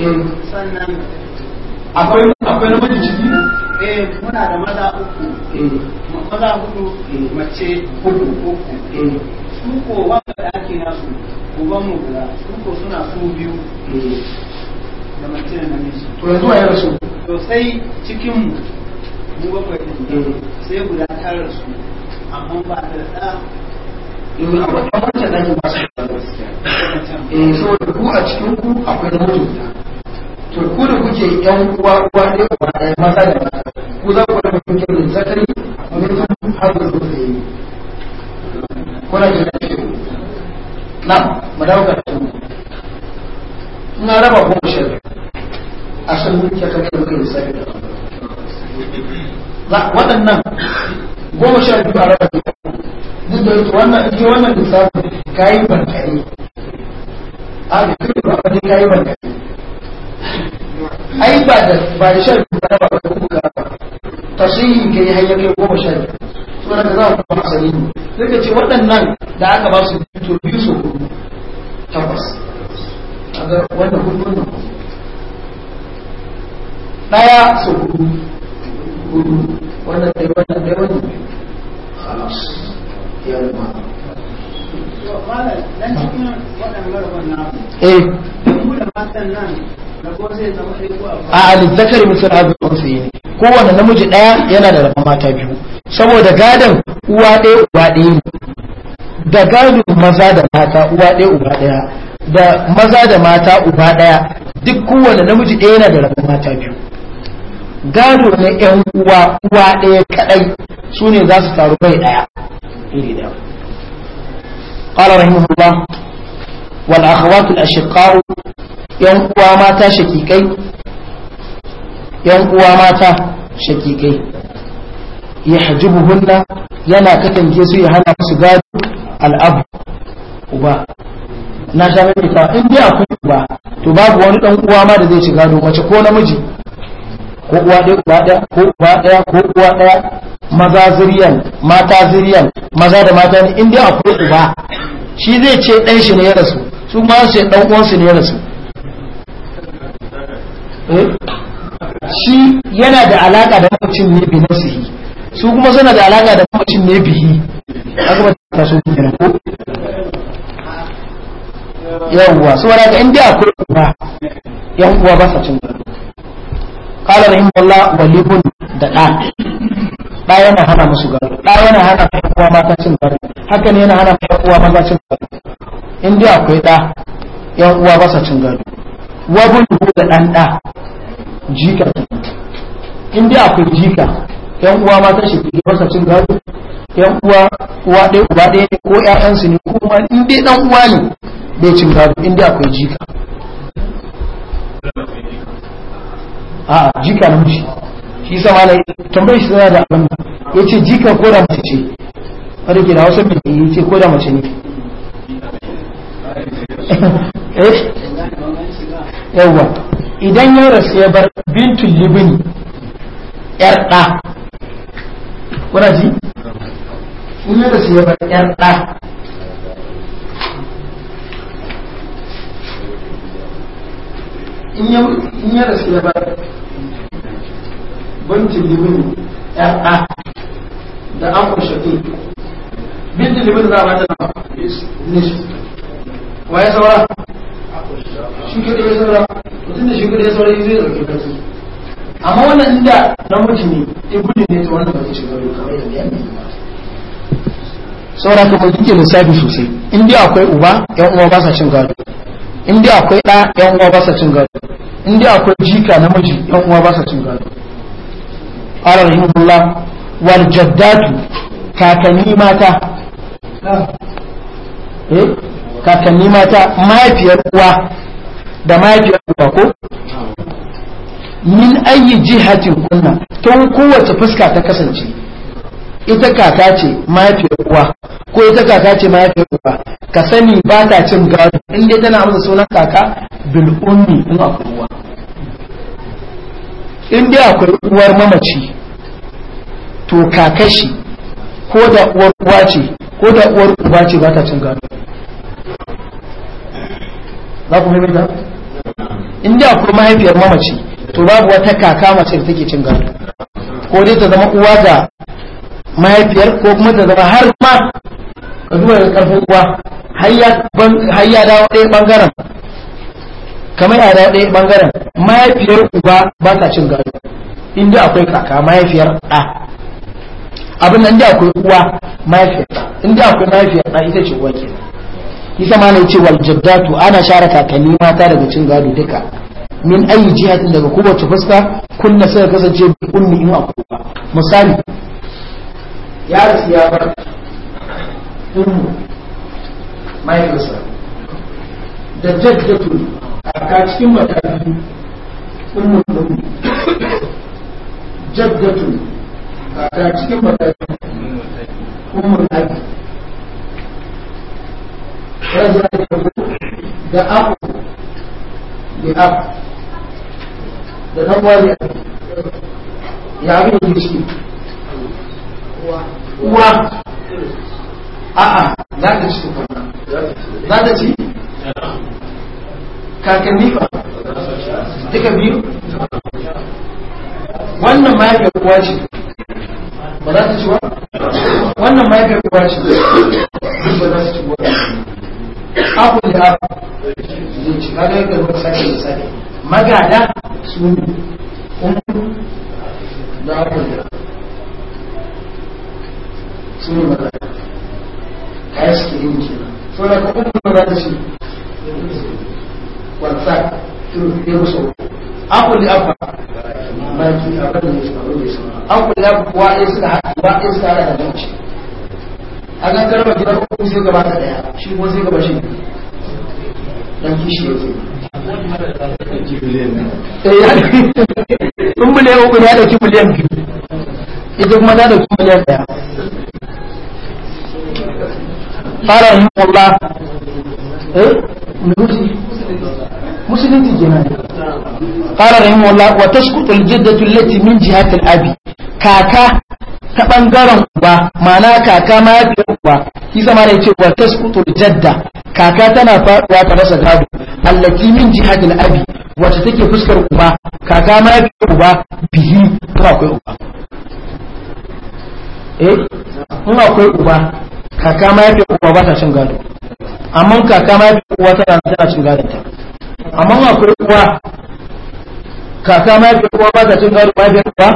[SPEAKER 2] Eh. sannan akwai akwai namiji ciki
[SPEAKER 1] eh muna da maza uku eh maza hudu eh. mace hudu uku eh su ko wanda ake nasu uban mu guda su ko suna su biyu eh
[SPEAKER 2] da mace da namiji to yanzu ya rasu to sai
[SPEAKER 1] cikin mu bakwai din sai guda tara su amma ba
[SPEAKER 2] ta da domin a wata wancan ba su eh
[SPEAKER 1] So ku a cikin ku akwai mutunta to ku da kuke yan uwa uwa ɗaya uwa ɗaya mata da mata ku za ku rabu kuke da zakari kuma kun har da ku sai Na da shi na madawa ga shi ina raba ku shi a san mun ke kamar da sai da
[SPEAKER 2] goma sha biyu a rabi duk da yake wannan ake wannan lissafin kayi bankare
[SPEAKER 1] a da kuma ba wani kayi bankare
[SPEAKER 2] ai ba da ba da sha
[SPEAKER 1] biyu ba ba da kuma ba tasirin ka yi hanyar kai goma sha biyu suna da za a kuma asali ne duk da ce waɗannan da aka ba su biyu biyu su hudu tabbas a ga wannan hudu wannan ɗaya su hudu hudu wannan dai wannan dai wannan khalas ya ma cikin wannan garban na eh kowane namiji ɗaya yana da rafa mata biyu saboda gadon uwa ɗaya uwa ɗaya ne da gado maza da mata uwa ɗaya uba ɗaya da maza da mata uba ɗaya duk kowane namiji ɗaya yana da rafa mata biyu gado na yan uwa uwa ɗaya kaɗai su ne za su taru bai ɗaya iri ɗaya ƙara rahimu aka wala da shekaru yan uwa mata shakikai yan uwa mata shakikai yahjubuhunna yana katange su ya hana su gado al'abu uba na sha mai fita in dai akwai uba to babu wani dan uwa ma da zai shiga gado mace ko namiji ko uwa ɗaya uba ɗaya ko uba ɗaya ko uwa ɗaya maza zuriyan mata zuriyan maza da mata ne in dai akwai uba shi zai ce ɗan shi ne ya rasu su ma su ce ɗan uwan su ne ya rasu eh?
[SPEAKER 2] shi yana da alaka
[SPEAKER 1] da mutum ne bi nasihi su kuma suna da alaka da mutum ne bihi aka ba ta so kenan ko
[SPEAKER 2] yawwa su ka in dai akwai uba
[SPEAKER 1] yan uwa ba sa cin قال رحمه الله da da da yana hana musu gado da yana hana kuwa mata cin gado haka ne yana hana kuwa maza cin gado in dai akwai da yan uwa ba sa cin gado wabun da dan da jika in dai akwai jika yan uwa mata shi ke ba sa cin gado yan uwa uwa ɗaya uba ɗaya ne ko ƴaƴansu ne ko kuma in dai dan uwa ne bai cin gado in dai akwai jika a jika na namiji shi sa malai tambayar shi tana da abin ya ce jika ko da mace ce wadda ke da hausa mai ya ce ko da mace ne eh? yawwa idan ya rasu ya bar Bintu libini yar ɗa kuna ji in ya rasu ya bar yar ɗa in ya rasu ya bar bantin limin ya'a da akwai shafi bintin limin za a mata na nishi wa ya saura
[SPEAKER 2] da ya saura mutum da shugaba ya
[SPEAKER 1] saura zai dauki baki amma wannan inda namiji ne ya gudu ne ta wannan baki shugaba kamar yadda ya saura kamar duke lissafi sosai in dai akwai uba yan uwa ba sa cin gado in dai akwai ɗa yan uwa ba sa cin gado in dai akwai jika namiji yan uwa ba sa cin gado qala rahimahullah wal jaddatu kakanni mata eh kakanni mata mahaifiyar uwa da mahaifiyar uwa ko min ayi jihatin kunna tun kowace fuska ta kasance ita kaka ce mahaifiyar uwa ko ita kaka ce mahaifiyar uwa ka sani ba ta cin gado in dai tana amsa sunan kaka bil ummi in akwai uwa in dai akwai uwar mamaci to kakashi ko da uwar uwa ce ko da uwar uba ce ba ta cin gado za ku da? in dai akwai mahaifiyar mamaci to babu wata kaka mace da take cin gado ko dai ta zama uwa ga mahaifiyar ko kuma ta zama har ma ka zuwa da karfin uwa har ya dawo ɗaya ɓangaren kamar ya dawo ɗaya ɓangaren mahaifiyar uba ba ta cin gado inda akwai kaka mahaifiyar ɗa abin da inda akwai uwa mahaifiyar ɗa inda akwai mahaifiyar ɗa ita ce uwa ke ita ma na ce wal jaddatu ana share kakanni mata daga cin gado duka min ayi jihatin daga kowace fuska kunna sai kasance bi ummi in akwai misali ya rasu ya bar ummu microsoft da jaddatu a ka cikin matafi jet da jaddatu a ka cikin matafi ɗinmu
[SPEAKER 2] abi da abu da abu da dan wani
[SPEAKER 1] ya abin da shi uwa a'a za ta ci tukuna za ta ci kakanni ba duka biyu wannan mahaifiyar uwa ce ba za ta ci wa wannan mahaifiyar uwa ce ba za ta ci wa abu da abu zai ci kaga yadda ruwa sake da sake
[SPEAKER 2] magada su ne da abu da su ne mala'iku
[SPEAKER 1] kayan suke yin kenan so na ka umma za ta shi. whatsapp through ya musu akuli abba baki abin da ya faru da sama akuli abba kuwa ya suka haɗu ba ya suka haɗa da mace a gangar ba gidan uku sai gaba ta ɗaya shi ko sai gaba shi dan kishi ya
[SPEAKER 2] yake in miliyan uku ya miliyan
[SPEAKER 1] musulunci قال رحمه الله وتسقط الجدة التي من جهة كاكا ta bangaren uba ma'ana kaka ma ya fi uba shi zama da yake wa tasqutu jadda kaka tana faɗuwa ta rasa gado allaki min jihadin abi wacce take fuskar uba kaka ma ya fi uba bihi ko akwai uba eh in akwai uba kaka ma ya fi uba ba ta cin gado amma kaka ma ya fi uba tana tana cin gado ta amma akwai uba kaka ma yake kuma ba ta cin gado ba ba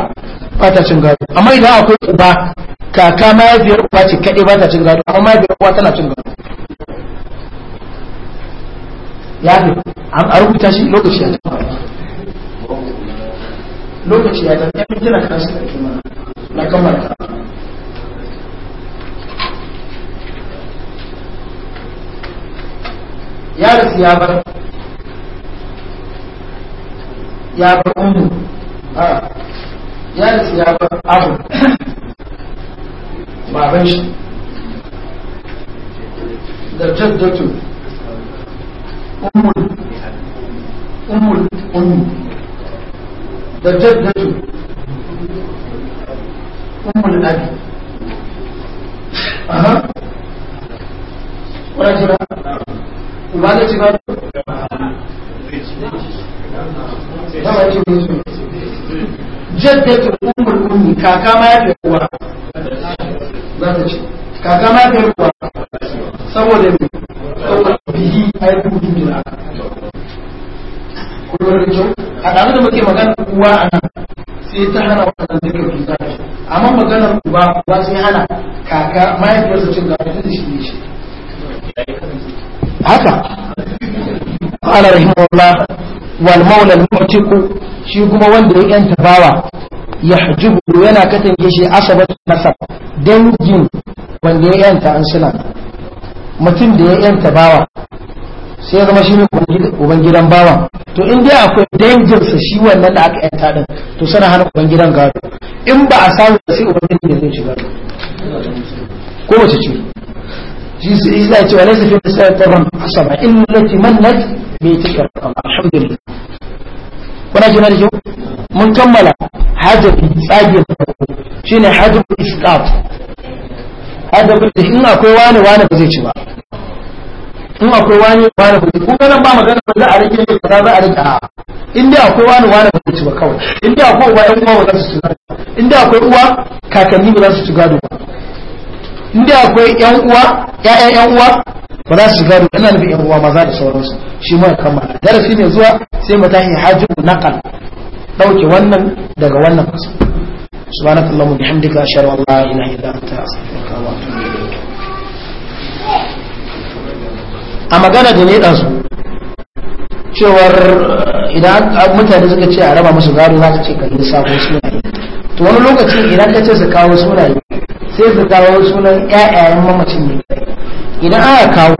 [SPEAKER 1] ba ta cin gado amma idan akwai uba kaka ma yake uba ce kade ba ta cin gado amma ma yake uba tana cin gado ya ne a rubuta shi lokaci ya ba. lokaci ya ta ya fi tana kan su ɗauki na kammala ya rasu ya bar ya bar umu a ya rasu ya bar abu baban shi
[SPEAKER 2] da jaddatu umul umul umul da jaddatu umul abi aha wani jira ba da ci ba dama ce ne su jaddatu ummul ummi kaka ma ya fi uwa za ta ce
[SPEAKER 1] kaka ma ya saboda saboda bihi kudu da kyau a da muke magana uwa a nan sai ta hana wannan amma uba sai hana kaka cin shi ne shi haka wal maula al shi kuma wanda ya yanta bawa ya hajibu yana katange shi asabat nasab dangin wanda ya yanta an suna mutum da ya yanta bawa sai ya zama shi ne ubangidan bawa to in dai akwai danginsa shi wannan da aka yanta din to suna hana ubangidan gado in ba a samu sai ubangidan da zai shiga ko wace ce shi su isa ce wa laisa fi misali taban asaba illa lati mannat bi tikar alhamdulillah kuna jina da kyau mun kammala hadabi tsagin farko shine hadabu isqat hadabu da in akwai wani wani ba zai ci ba in akwai wani wani ba zai kuma nan ba magana ba za a rage ne ba za a rage a in dai akwai wani wani ba zai ci ba kawai in akwai uwa in akwai uwa kakanni ba za su ba inda akwai yan uwa ƴaƴan yan uwa ba za su shiga da ina nufin yan uwa maza da sauransu shi ma kammala darasi ne zuwa sai mu tashi ku naqal dauke wannan daga wannan kasu subhanakallahumma bihamdika ashhadu an la ilaha illa anta
[SPEAKER 2] astaghfiruka wa atubu ilayk
[SPEAKER 1] a magana da ne su cewar eh, idan mutane suka ce a raba musu gado za ka ce ka yi sabon sunaye to wani lokaci idan ka ce su kawo sunaye sai su kawo sunan ƴaƴayen mamacin ne idan aka kawo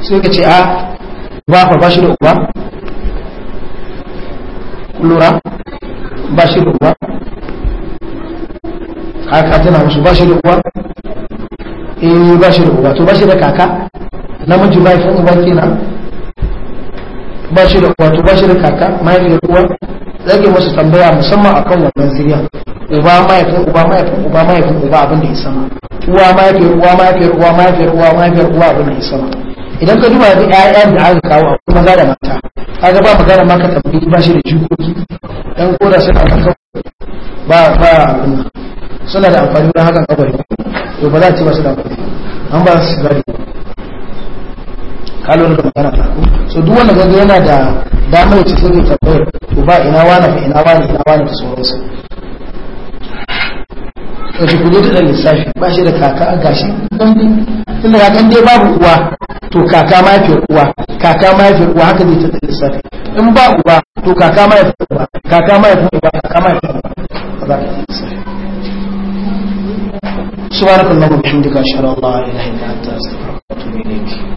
[SPEAKER 1] sai ka ce a ba ba shi da uba lura ba shi da uba haka tana musu ba shi da uba eh ba shi da uba to ba shi da kaka namiji mahaifin uba kenan ba shi da wato ba shi da kaka mahaifi da kuwa zage musu tambaya musamman akan wannan zuriya uba mahaifin uba mahaifin uba mahaifin uba abin da ya sama uwa mahaifiyar uwa mahaifiyar uwa mahaifiyar uwa mahaifiyar uwa abin da ya sama idan ka duba da ƴaƴan da aka kawo akwai maza da mata kaga ba magana ma ka tambayi ba shi da jikoki dan koda suna da kawo ba ba suna da amfani don hakan kawai to ba za a ce ba su da amfani an ba su gari kalon da magana so duk wanda zai yana da damar ci sai tambayar to ba ina wani fa ina wani ina wani da sauransu
[SPEAKER 2] to shi kuje da
[SPEAKER 1] lissafi ba shi da kaka a gashi dan tun da kakan dai babu uwa to kaka ma yafi uwa kaka ma yafi uwa haka zai ta da lissafi in ba uwa to kaka ma yafi uwa kaka ma yafi uwa kaka ma yafi uwa
[SPEAKER 2] ba سبحانك اللهم وبحمدك اشهد ان لا اله الا انت استغفرك واتوب اليك